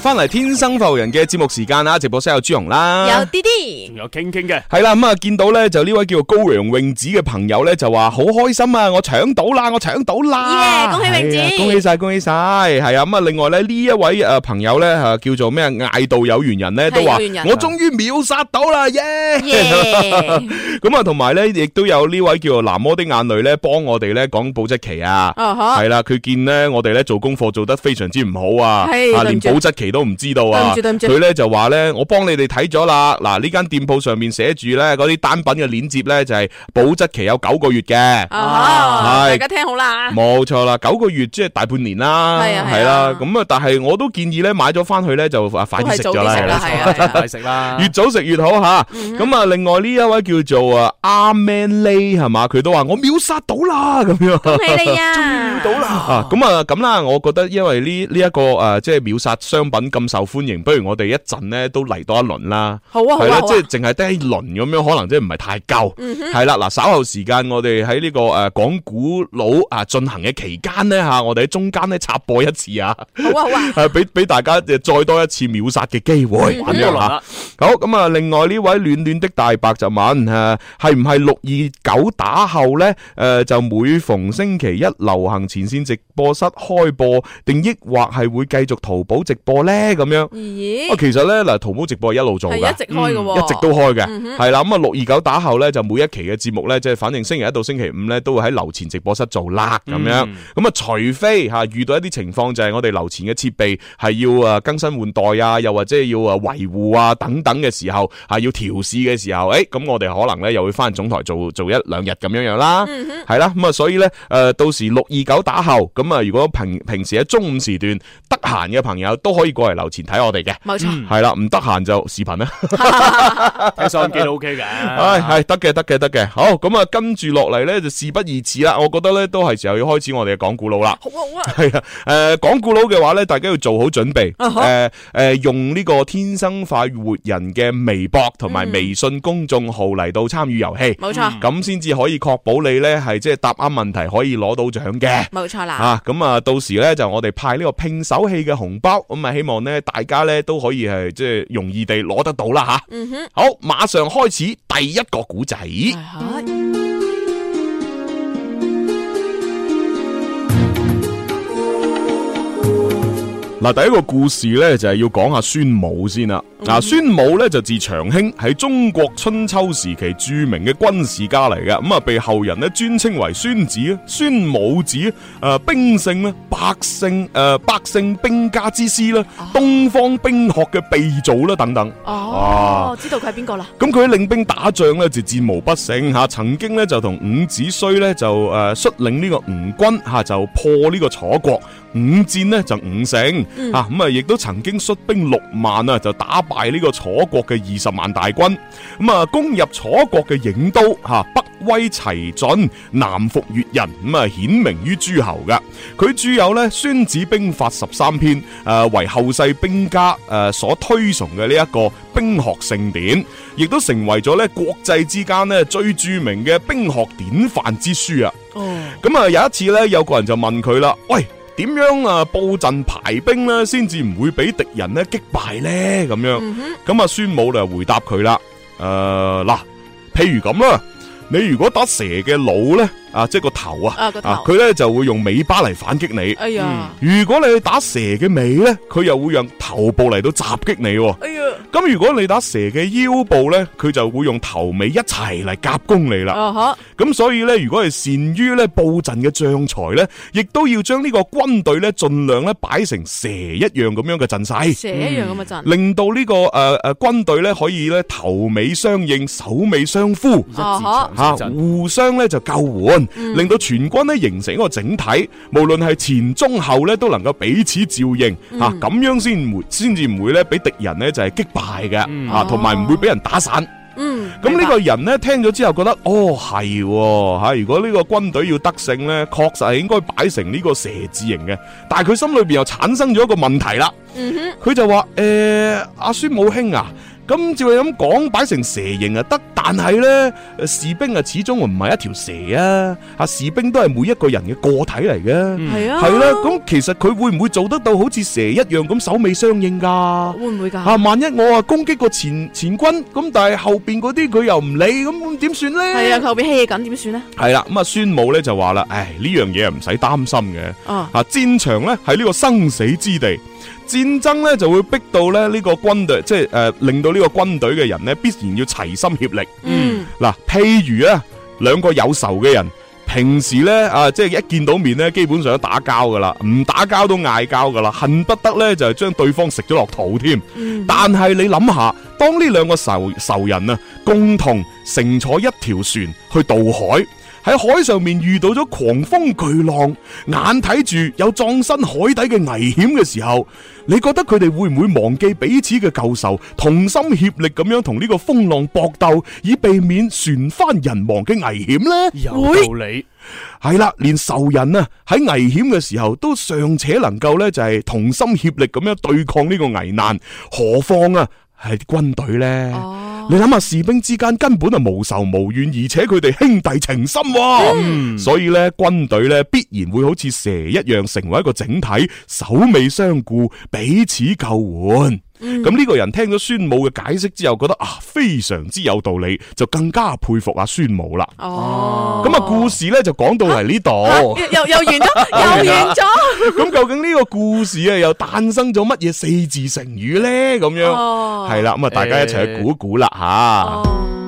[SPEAKER 1] 翻嚟《天生浮人》嘅節目時間啊！直播室有朱紅啦，有
[SPEAKER 5] 啲啲，仲有傾傾嘅
[SPEAKER 1] 係啦。咁、嗯、啊，見到咧就呢位叫做高陽泳子嘅朋友咧就話好開心啊！我搶到啦，我搶到啦！耶、yeah！恭喜泳子，恭喜晒，恭喜晒！係啊咁啊，另外咧呢一位誒、呃、朋友咧吓叫做咩？嗌到 yeah! Yeah. *laughs* 有緣人咧都話我終於秒殺到啦！耶！咁啊，同埋咧亦都有呢位叫做藍魔的眼淚咧，幫我哋咧講保質期啊！係啦，佢見咧我哋咧做功課做得非常之唔好啊，啊連保質期都。都唔知道啊！佢咧就話咧，我幫你哋睇咗啦。嗱，呢間店鋪上面寫住咧，嗰啲單品嘅鏈接咧就係、是、保質期有九個月嘅。係、
[SPEAKER 3] 啊啊、大家聽好啦，冇
[SPEAKER 1] 錯啦，九個月即係大半年啦，係啦、啊。咁啊，啊，啊，但係我都建議咧，買咗翻去咧就是、啊，啊，啊， *laughs* 啊，啊，啊，快啲食咗啦，快食啦，越早食越好吓。咁啊、嗯，另外呢一位叫做啊阿 Man Lee 係嘛，佢都話我秒殺到啦咁樣，恭
[SPEAKER 4] 喜你啊，到
[SPEAKER 1] 啦。咁、哦、啊咁啦、啊，我覺得因為呢呢一個誒即係秒殺商品。咁咁受歡迎，不如我哋一陣咧都嚟多一輪啦、啊啊。好啊，好啊，即係淨係得一輪咁樣，可能即係唔係太夠。係、嗯、啦，嗱，稍後時間我哋喺呢個誒講古佬啊進行嘅期間咧吓，我哋喺、這個呃啊、中間咧插播一次啊。好啊，好啊，俾、啊、俾大家再多一次秒殺嘅機會，咁、嗯、樣啦，好咁啊，另外呢位暖暖的大白就問誒，係唔係六二九打後咧？誒、呃，就每逢星期一流行前線直播室開播，定抑或係會繼續淘寶直播咧？咁樣咦，啊，其實咧嗱，淘寶直播係一路做噶，一直開噶、嗯，一直都開嘅，係、嗯、啦。咁啊，六二九打後咧，就每一期嘅節目咧，即、就、係、是、反正星期一到星期五咧，都會喺樓前直播室做啦，咁樣。咁、嗯、啊、嗯，除非吓、啊、遇到一啲情況，就係、是、我哋樓前嘅設備係要啊更新換代啊，又或者要啊維護啊等等嘅時候，吓、啊、要調試嘅時候，誒、哎、咁我哋可能咧又會翻總台做做一兩日咁樣樣啦，係、嗯、啦。咁啊、嗯，所以咧誒、呃，到時六二九打後，咁、嗯、啊，如果平平時喺中午時段得閒嘅朋友都可以。過嚟留前睇我哋嘅，冇錯，係啦，唔得閒就視頻啦，
[SPEAKER 5] 睇收音機都 O K 嘅。哎
[SPEAKER 1] *laughs* 係得嘅，得嘅，得嘅。好，咁啊、嗯，跟住落嚟咧就事不宜遲啦。我覺得咧都係時候要開始我哋嘅講古佬啦。係啊，誒講、啊 *laughs* 呃、古佬嘅話咧，大家要做好準備。誒、哦、誒、呃，用呢個天生快活人嘅微博同埋微信公眾號嚟到參與遊戲。冇、嗯、錯，咁先至可以確保你咧係即係答啱問題可以攞到獎嘅。
[SPEAKER 4] 冇、嗯、錯
[SPEAKER 3] 啦。吓
[SPEAKER 1] 咁啊、嗯，到時咧就我哋派呢個拼手氣嘅紅包，咁啊希。望咧，大家咧都可以係即係容易地攞得到啦吓。嗯哼。好，馬上開始第一個古仔。嗱，第一個故事咧就係、是、要講下孫武先啦。嗱、嗯，孫武咧就字長興，喺中國春秋時期著名嘅軍事家嚟嘅，咁、嗯、啊被後人咧尊稱為孫子、孫武子、誒、呃、兵聖啦、百世誒、呃、百世兵家之師啦、啊、東方兵學嘅鼻祖啦等等。哦、啊、我知道佢係邊個啦？咁佢喺領兵打仗咧就戰無不勝吓、啊，曾經咧就同伍子胥咧就誒、啊、率領呢個吳軍吓、啊、就破呢個楚國。五戰呢就五勝，吓咁啊！亦都曾經率兵六萬啊，就打敗呢個楚國嘅二十萬大軍，咁啊攻入楚國嘅郢都，吓北威齊晉，南服越人，咁啊顯明於諸侯噶。佢著有呢《孫子兵法》十三篇，誒為後世兵家誒所推崇嘅呢一個兵學聖典，亦都成為咗呢國際之間呢最著名嘅兵學典範之書啊！哦，咁啊有一次呢有個人就問佢啦，喂！點樣啊布陣排兵咧，先至唔會俾敵人咧擊敗咧咁樣。咁、嗯、啊，孫武就回答佢、呃、啦。誒，嗱，譬如咁啦，你如果打蛇嘅腦咧。啊，即係個頭啊，啊，佢咧就會用尾巴嚟反擊你。哎呀，如果你去打蛇嘅尾咧，佢又會用頭部嚟到襲擊你。哎呀，咁如果你打蛇嘅腰部咧，佢就會用頭尾一齊嚟夾攻你啦。咁、啊、所以咧，如果係善於咧佈陣嘅將才咧，亦都要將呢個軍隊咧盡量咧擺成蛇一樣咁樣嘅陣勢，蛇一樣咁嘅陣，令到呢、這個誒誒、呃、軍隊咧可以咧頭尾相應，首尾相呼，
[SPEAKER 3] 啊哈，啊
[SPEAKER 1] 互相咧就救護。令到全軍咧形成一個整體，無論係前、中、後咧都能夠彼此照應吓，咁樣先會，先至唔會咧俾敵人咧就係擊敗嘅啊，同埋唔會俾人打散。嗯，咁呢個人咧聽咗之後覺得，哦係吓，如果呢個軍隊要得勝呢，確實係應該擺成呢個蛇字形嘅。但係佢心裏邊又產生咗一個問題啦。嗯哼，佢就話誒，阿孫武兄啊。咁就係咁講，擺成蛇形啊得，但係咧，士兵啊始終唔係一條蛇啊，吓士兵都係每一個人嘅個體嚟嘅，係、嗯、啊，係啦。咁其實佢會唔會做得到好似蛇一樣咁首尾相應噶？會唔會噶？吓、啊，萬一我啊攻擊個前前軍，咁但係後邊嗰啲佢又唔理，咁
[SPEAKER 3] 點算咧？係啊，後邊欺嘢緊點算咧？
[SPEAKER 1] 係啦，咁啊，孫武咧就話啦，唉，呢樣嘢唔使擔心嘅、啊，啊，戰場咧係呢個生死之地。戰爭咧就會逼到咧呢個軍隊，即係誒、呃、令到呢個軍隊嘅人咧必然要齊心協力。嗯，嗱，譬如啊，兩個有仇嘅人，平時咧啊、呃、即係一見到面咧，基本上都打交噶啦，唔打交都嗌交噶啦，恨不得咧就係將對方食咗落肚添、嗯。但係你諗下，當呢兩個仇仇人啊，共同乘坐一條船去渡海。喺海上面遇到咗狂風巨浪，眼睇住有葬身海底嘅危險嘅時候，你覺得佢哋會唔會忘記彼此嘅舊仇，同心協力咁樣同呢個風浪搏鬥，以避免船翻人亡嘅危險呢？有道理，係啦，連仇人啊喺危險嘅時候都尚且能夠呢，就係同心協力咁樣對抗呢個危難，何況啊？係啲軍隊呢，oh. 你諗下士兵之間根本就無仇無怨，而且佢哋兄弟情深啊，mm. 所以呢，軍隊呢必然會好似蛇一樣成為一個整體，首尾相顧，彼此救援。咁、嗯、呢個人聽咗孫武嘅解釋之後，覺得啊非常之有道理，就更加佩服阿孫武啦。哦，咁、那、啊、個、故事咧就講到嚟呢度，又又完咗，又完咗。咁、 *laughs* 啊、 *laughs* 究竟呢個故事啊又誕生咗乜嘢四字成語咧？咁樣係啦，咁、哦、啊大家一齊去估估啦吓。哎哦。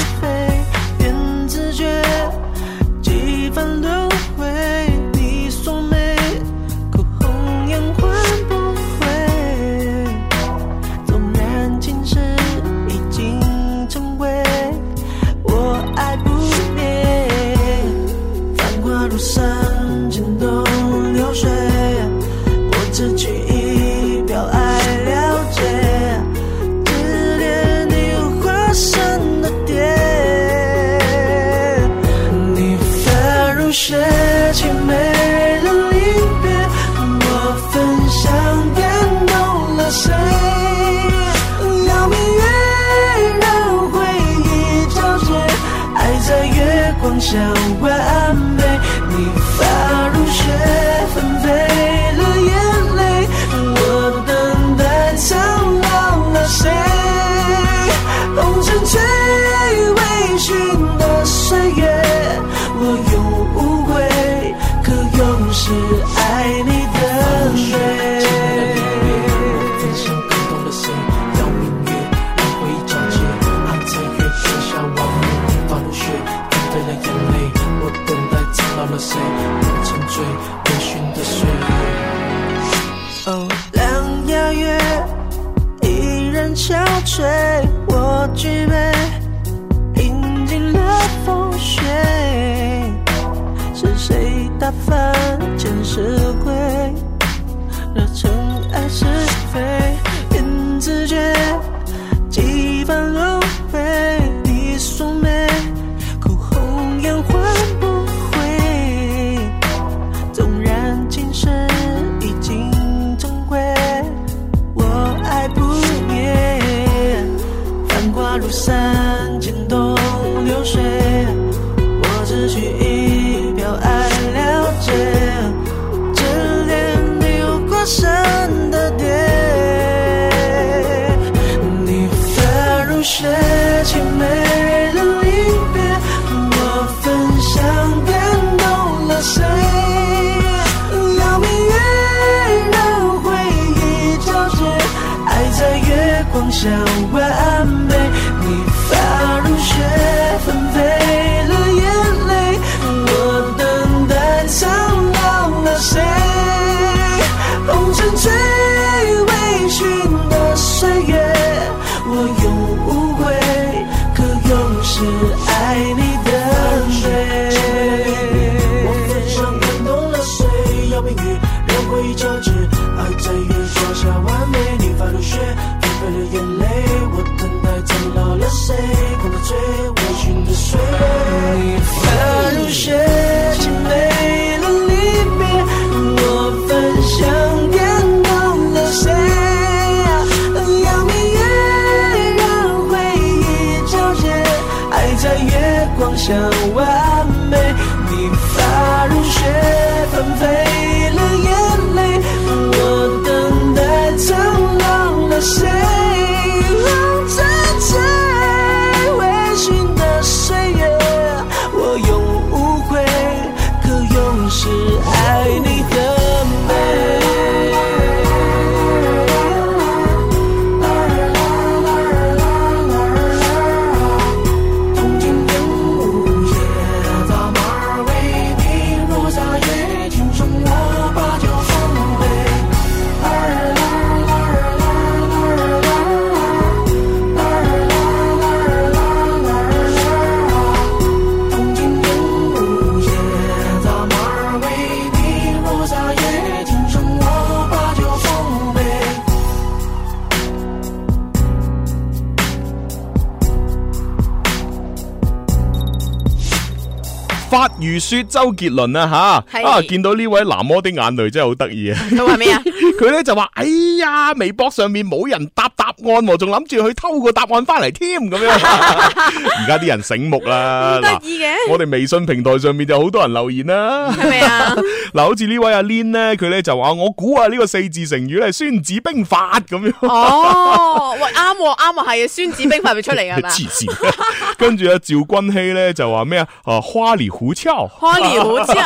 [SPEAKER 1] 說周杰倫啊吓，啊，啊見到呢位男模的眼淚真係好得意啊，佢話咩啊？ *laughs* 佢咧就話：哎呀，微博上面冇人答答案喎，仲諗住去偷個答案翻嚟添咁樣。而家啲人醒目啦，得意嘅。我哋微信平台上面就好多人留言啦，係咪啊？嗱，好似呢位阿 Lin 咧，佢咧就話：我估啊，呢個四字成語咧係《孫子兵法》咁樣。哦，
[SPEAKER 3] 喂，啱喎，啱喎，係啊，《孫子兵法》咪出嚟係咪啊？黐線。
[SPEAKER 1] 跟住阿趙君熙咧就話咩啊？哦，花裡胡哨，花裡胡哨，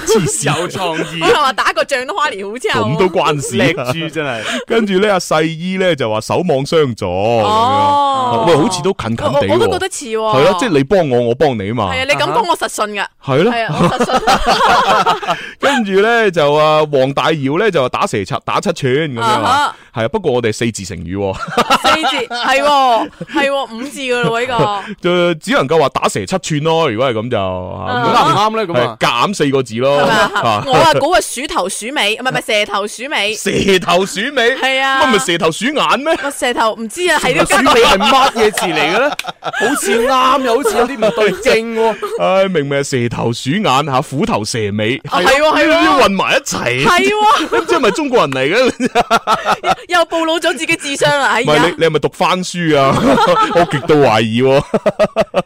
[SPEAKER 1] 黐線 *laughs* 有創意。我 *laughs*
[SPEAKER 3] 話打個仗都花裡胡哨。咁都關事，
[SPEAKER 1] 跟住咧，阿細姨咧就話，守望相助，喂、哦嗯，好似都近近地喎。係咯，即係你幫我，我幫、哦、你啊嘛。係啊，你咁
[SPEAKER 3] 幫我實信噶。係咯。
[SPEAKER 1] 跟住咧就阿黃大堯咧就話，打蛇七，打七寸咁樣。係啊，不過我哋四字成語， *laughs* 四
[SPEAKER 3] 字係係、哦哦、五字噶咯呢個。
[SPEAKER 1] *laughs* 就只能夠話打蛇七寸咯。如果係咁就，咁啱唔啱咧？咁啊減四個字咯。 *laughs* 我啊估
[SPEAKER 3] 個鼠頭鼠尾，係 *laughs* 蛇頭鼠尾，蛇
[SPEAKER 1] 頭鼠尾，係啊，乜唔係蛇頭鼠眼咩？
[SPEAKER 3] 個蛇頭唔知啊，係啲
[SPEAKER 1] 鼠尾係乜嘢
[SPEAKER 5] 字嚟嘅咧？好似啱、啊，又好似有啲唔對症
[SPEAKER 1] 喎。唉，明明係蛇頭鼠眼吓、啊，虎頭蛇尾，係喎係喎，混埋一齊，係、啊、喎，咁即係咪中國人嚟嘅
[SPEAKER 3] *laughs* 又暴露咗自己的智商啦！唔係、啊、你，
[SPEAKER 1] 你係咪讀翻書啊？ *laughs* 我極度懷疑、啊。 *laughs*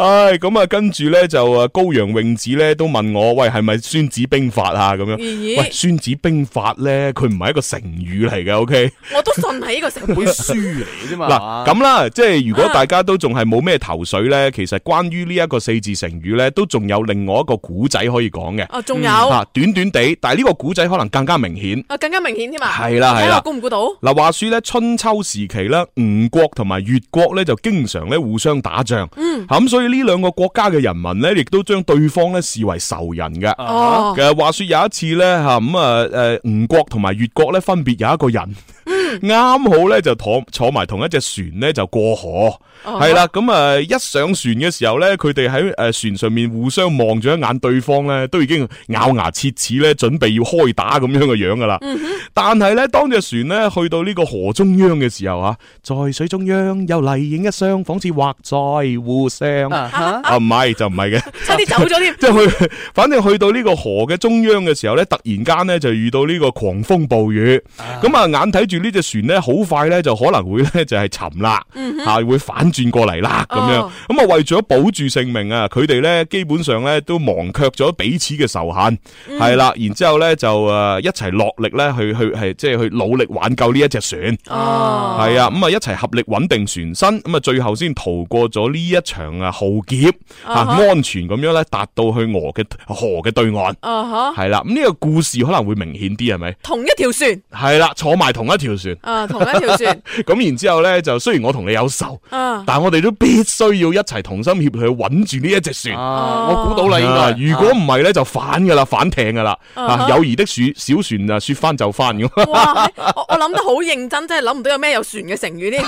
[SPEAKER 1] 唉，咁啊，跟住咧就高陽泳子咧都問我：喂，係咪《孫子兵法》啊？咁樣，喂，《孫子兵法呢》咧，佢唔係一個成語嚟嘅。O、okay? K，我都信
[SPEAKER 3] 係呢個成語 *laughs* 一本書嚟嘅啫嘛。
[SPEAKER 1] 嗱、 *laughs* 啊，咁啦，即係如果大家都仲係冇咩頭緒咧，啊、其實關於呢一個四字成語咧，都仲有另外一個古仔可以講嘅。哦、啊，仲有、嗯啊，短短地，但係呢個古仔可能更加明顯，
[SPEAKER 3] 啊，更加明顯添啊，係啦係啦，估唔估到？
[SPEAKER 1] 嗱、啊，話說咧，春秋時期啦，吳國同埋越國咧就經常咧互相打仗。嗯。咁、嗯、所以呢兩個國家嘅人民咧，亦都將對方咧視為仇人嘅、哦。其實話說有一次咧，吓咁啊，誒、呃，吳國同埋越國咧，分別有一個人、嗯。啱好咧就坐坐埋同一隻船咧就過河係啦，咁啊一上船嘅時候咧，佢哋喺誒船上面互相望咗一眼，對方咧都已經咬牙切齒咧，準備要開打，咁樣嘅樣噶啦，uh -huh. 但係咧，當隻船咧去到呢個河中央嘅時候啊，在水中央又麗影一雙仿似畫在湖上啊，唔係就唔係嘅，差啲走咗添，即係去，反正去到呢個河嘅中央嘅時候咧，突然間咧就遇到呢個狂風暴雨，咁啊，uh -huh. 眼睇住呢隻。船咧好快咧就可能會咧就係沉啦，吓、嗯、會反轉過嚟啦咁樣，咁啊為咗保住性命啊，佢哋咧基本上咧都忘卻咗彼此嘅仇恨，係、嗯、啦，然之後咧就誒一齊落力咧去去係即係去努力挽救呢一隻船，哦，係啊，咁啊一齊合力穩定船身，咁啊最後先逃過咗呢一場啊浩劫啊，安全咁樣咧達到去河嘅河嘅對岸，啊吓，係啦，咁、這、呢個故事可能會明顯啲係咪？
[SPEAKER 3] 同一條船
[SPEAKER 1] 係啦，坐埋同一條船。啊，同一條船。咁 *laughs* 然之後咧，就雖然我同你有仇，
[SPEAKER 3] 啊、
[SPEAKER 1] 但係我哋都必須要一齊同心協力去穩住呢一隻船。啊、我估到啦、啊，如果唔係咧，就反噶啦，反艇噶啦。友、啊、誼、啊、的船小，小船啊，說翻就翻咁。哇，我
[SPEAKER 3] 我諗得好認真，真係諗唔到有咩有船嘅成語添。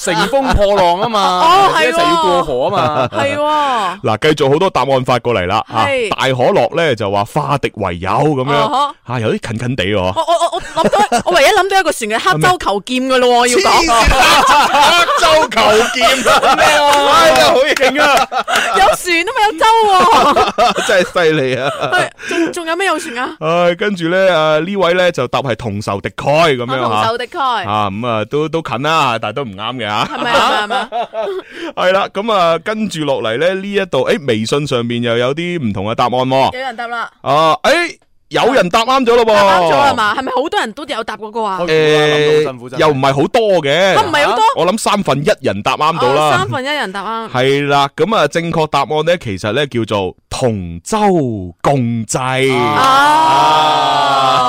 [SPEAKER 5] 乘風破浪啊嘛，啊啊啊啊一齊要過河啊嘛。係。
[SPEAKER 1] 嗱，繼、啊、續好多答案發過嚟啦、啊。大可樂咧就話化敵為友咁樣，吓、啊、有啲近近地
[SPEAKER 3] 喎、啊啊。我我我我諗到，我唯一諗到一。個船係黑舟求劍噶咯，要答、啊。 *laughs* 黑舟求劍，哎呀，好勁啊！有船都未有舟啊，
[SPEAKER 1] 真係犀利啊！
[SPEAKER 3] 仲仲有咩有船
[SPEAKER 1] 啊？誒、啊，跟住咧，誒、 *laughs* 啊啊、呢、啊、位咧就答係同仇敵愾咁樣同仇敵愾啊，咁、嗯、啊都都近啦，但係都唔啱嘅吓。係咪啊？係啦，咁 *laughs* 啊， *laughs* 跟住落嚟咧，呢一度誒，微信上面又有啲唔同嘅答案喎、啊嗯。有人答啦。啊，誒、欸。有人答啱咗咯，答啱咗係嘛？
[SPEAKER 3] 係咪好多人都有答過啊？誒、欸，
[SPEAKER 1] 又唔係好多嘅，唔係好多。我諗三分一人答啱到啦，三分
[SPEAKER 3] 一人答啱。係
[SPEAKER 1] 啦，咁啊， *laughs* 正確答案咧，其實咧叫做同舟共濟。啊啊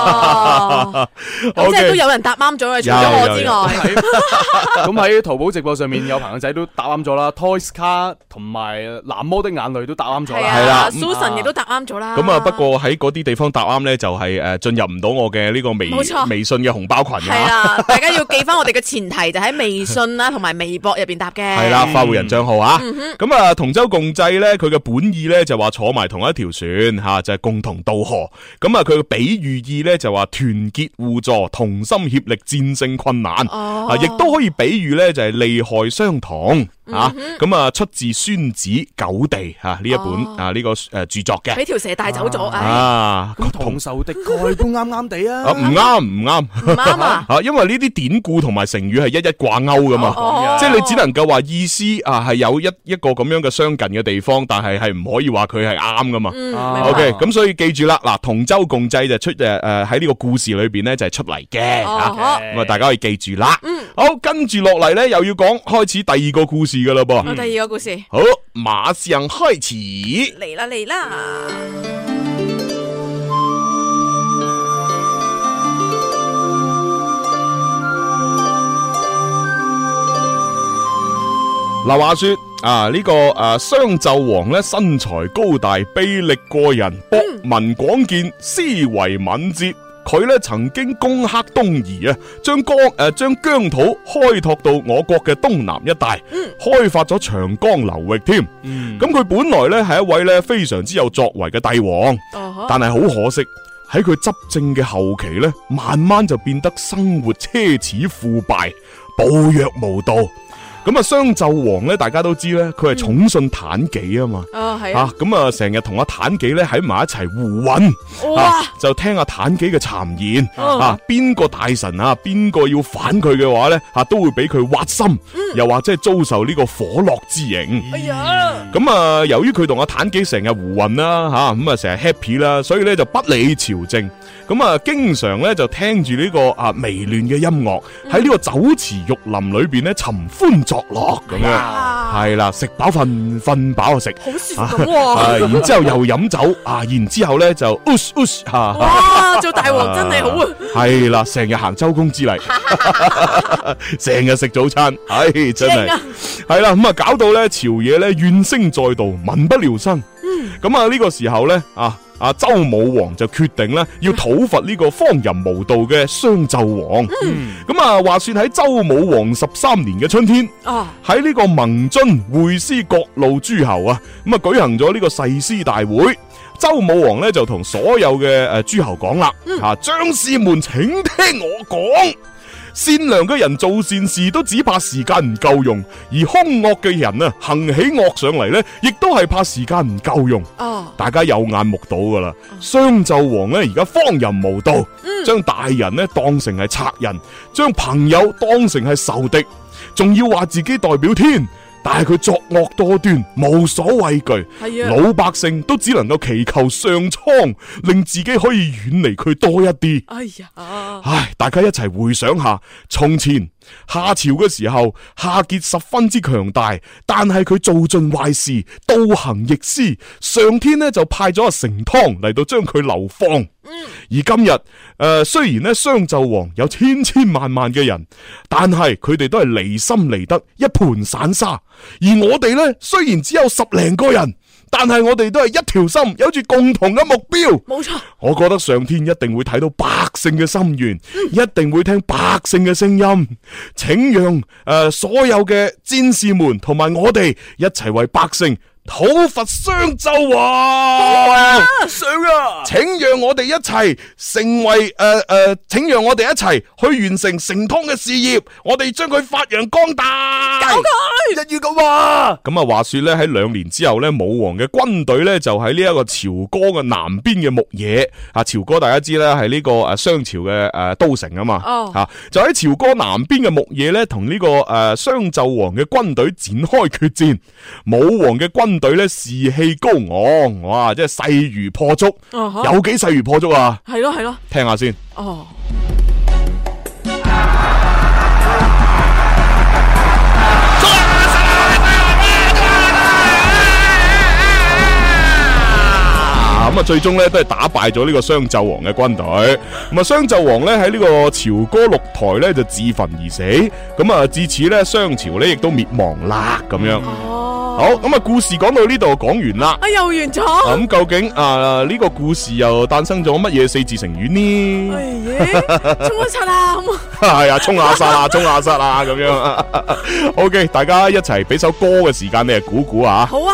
[SPEAKER 5] 哦，即係都有人答
[SPEAKER 3] 啱咗嘅，除咗我之外。
[SPEAKER 5] 咁、yeah, 喺、yeah, yeah. *laughs* 淘寶直播上面有朋友仔都答啱咗啦，Toys 卡同埋藍魔的眼淚都答啱咗，係
[SPEAKER 1] 啦、啊嗯。Susan 亦都答啱咗啦。咁啊，不過喺嗰啲地方答啱咧，就係誒進入唔到我嘅呢個微微信嘅紅包群、啊。係
[SPEAKER 3] 啊，大家要記翻我哋嘅前提， *laughs* 就喺微信啦同埋微博入邊答嘅。係啦、啊，發匯人
[SPEAKER 1] 賬號啊。咁、嗯、啊，同舟共濟咧，佢嘅本意咧就話坐埋同一條船吓，就係、是、共同渡河。咁啊，佢嘅比喻意咧。就話團結互助，同心協力戰勝困難、oh. 啊！亦都可以比喻咧，就係、是、利害相同。嗯、啊，咁啊出自《孫子九地》吓呢一本、哦、啊呢、呢個誒著作嘅，俾條
[SPEAKER 5] 蛇帶走咗啊！同手的，都啱啱地啊，唔啱唔啱，
[SPEAKER 1] 啱 *laughs* 啊！吓、 *laughs* 啊，因為呢啲典故同埋成語係一一掛鈎噶嘛，哦哦、即係你只能夠話意思啊係有一一個咁樣嘅相近嘅地方，但係係唔可以話佢係啱噶嘛。嗯啊、OK，咁所以記住啦，嗱，同舟共濟就出誒誒喺呢個故事裏邊咧就係出嚟嘅吓，咁、哦、啊、okay、大家可以記住啦。嗯好，跟住落嚟咧，又要講開始第二個故事噶啦噃。第二個故事，好，馬上開始。嚟啦嚟啦。嗱，話說啊，這個、啊呢個誒，商紂王咧，身材高大，臂力過人，博聞廣見，思維敏捷。佢咧曾經攻克東夷啊，將江誒將疆土開拓到我國嘅東南一帶，開發咗長江流域添。咁、嗯、佢本來咧係一位咧非常之有作為嘅帝王，但係好可惜喺佢執政嘅後期咧，慢慢就變得生活奢侈、腐敗、暴虐無道。咁啊，商紂王咧，大家都知咧，佢係寵信妲己啊嘛。啊，係啊。咁啊，成日同阿妲己咧喺埋一齊胡混，啊就聽阿妲己嘅讒言啊，邊、啊、個大臣啊，邊個要反佢嘅話咧，吓都會俾佢挖心、嗯，又或者係遭受呢個火烙之刑。
[SPEAKER 7] 哎
[SPEAKER 1] 呀！咁啊，由於佢同阿妲己成日胡混啦，吓咁啊，成日 happy 啦，所以咧就不理朝政。咁啊，經常咧就聽住呢個啊微亂嘅音樂，喺呢個酒池肉林裏邊咧尋歡落落咁樣，係啦，食飽瞓，瞓飽就食，好舒服哇！然之後又飲酒啊，然之後咧、 *laughs* 啊、就 ush 吓、啊，做大王真係好啊！係、啊、啦，成日行周公之禮，成日食早餐，唉、 *laughs* 哎，真係，係、啊、啦，咁啊，搞到咧朝野咧怨聲載道，民不聊生。嗯，咁啊呢、呢個時候咧啊。啊，周武王就決定咧要討伐呢個荒淫無道嘅商紂王。咁、嗯嗯、啊，話說喺周武王十三年嘅春天，喺呢個盟津會師各路諸侯啊，咁啊、嗯、舉行咗呢個誓師大會。周武王咧就同所有嘅誒諸侯講啦，吓、嗯、將、啊、士們，請聽我講。善良嘅人做善事都只怕時間唔夠用，而兇惡嘅人啊，行起惡上嚟，呢，亦都係怕時間唔夠用。哦、oh.，大家有眼目睹噶啦。商、oh. 紂王呢，而家荒淫無道，將、mm. 大人呢，當成係賊人，將朋友當成係仇敵，仲要話自己代表天。但係佢作惡多端，無所畏懼，啊，老百姓都只能夠祈求上蒼，令自己可以遠離佢多一啲。哎呀，唉，大家一齊回想下從前。夏朝嘅時候，夏桀十分之強大，但係佢做盡壞事，倒行逆施。上天呢就派咗阿成湯嚟到將佢流放，嗯。而今日誒、呃，雖然呢商紂王有千千萬萬嘅人，但係佢哋都係離心離德，一盤散沙。而我哋呢，雖然只有十零個人。但係我哋都係一條心，有住共同嘅目標。冇錯，我覺得上天一定會睇到百姓嘅心願，一定會聽百姓嘅聲音。請讓誒、呃、所有嘅戰士們同埋我哋一齊為百姓。討伐商紂王，上啊！請讓我哋一齊成為誒誒、呃呃，請讓我哋一齊去完成成湯嘅事業，我哋將佢發揚光大，搞佢，一要咁啊！咁啊，話說咧喺兩年之後咧，武王嘅軍隊咧就喺呢一個朝歌嘅南邊嘅牧野啊，朝歌大家知咧係呢個誒商朝嘅誒、呃、都城啊嘛，哦、oh. 吓就喺朝歌南邊嘅牧野咧、這個，同呢個誒商紂王嘅軍隊展開決戰，武王嘅軍。隊咧士氣高昂，哇！即係勢如破竹，有幾勢如破竹啊？係咯係咯，聽下先。咁啊，最終咧都係打敗咗呢個商紂王嘅軍隊。咁啊，商紂王咧喺呢個朝歌鹿台咧就自焚而死。咁啊，至此咧商朝咧亦都滅亡啦。咁樣。好，咁啊！故事講到呢度講完啦，啊又完咗。咁究竟啊呢個故事又誕生咗乜嘢四字成語呢？哎耶，沖 *laughs* 下沙啦咁啊！係啊，沖下沙啦，沖下沙啦咁樣。 *laughs* OK，大家一齊俾首歌嘅時間你啊，估估啊。好啊。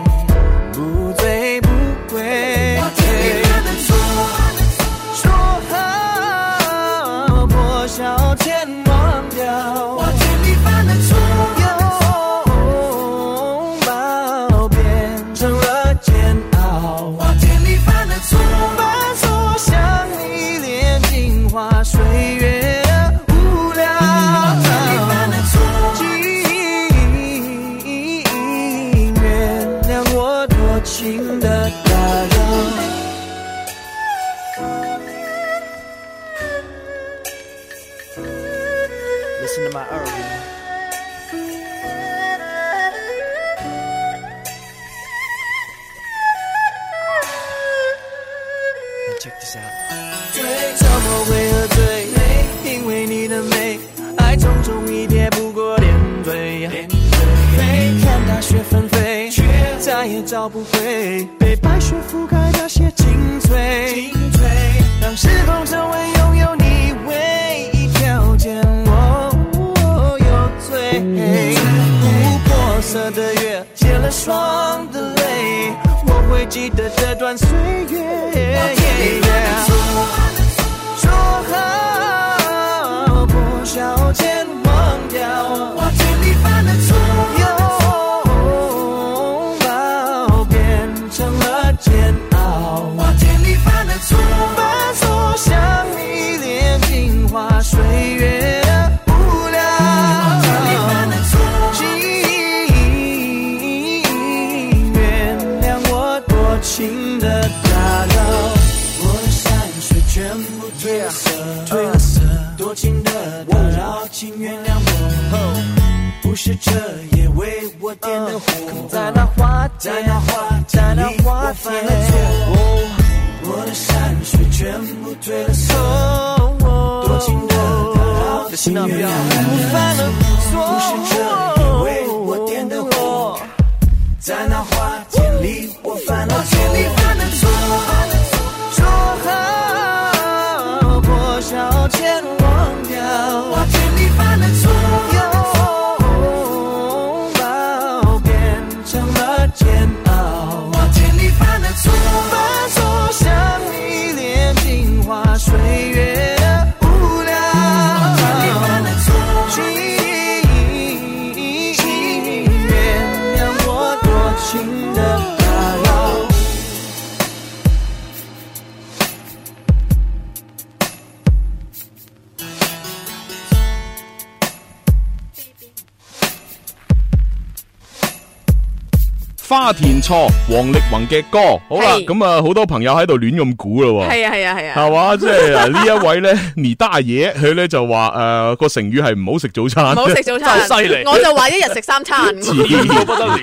[SPEAKER 1] 花田錯，王力宏嘅歌，好啦，咁啊，好多朋友喺度亂咁估啦，係啊係啊係啊，係嘛、啊啊，即係呢 *laughs* 一位咧，二大爺佢咧就話誒個成語係唔好食早，早餐，唔好食早餐，犀利，我就
[SPEAKER 3] 話一日食三餐，痴
[SPEAKER 1] 線不得了，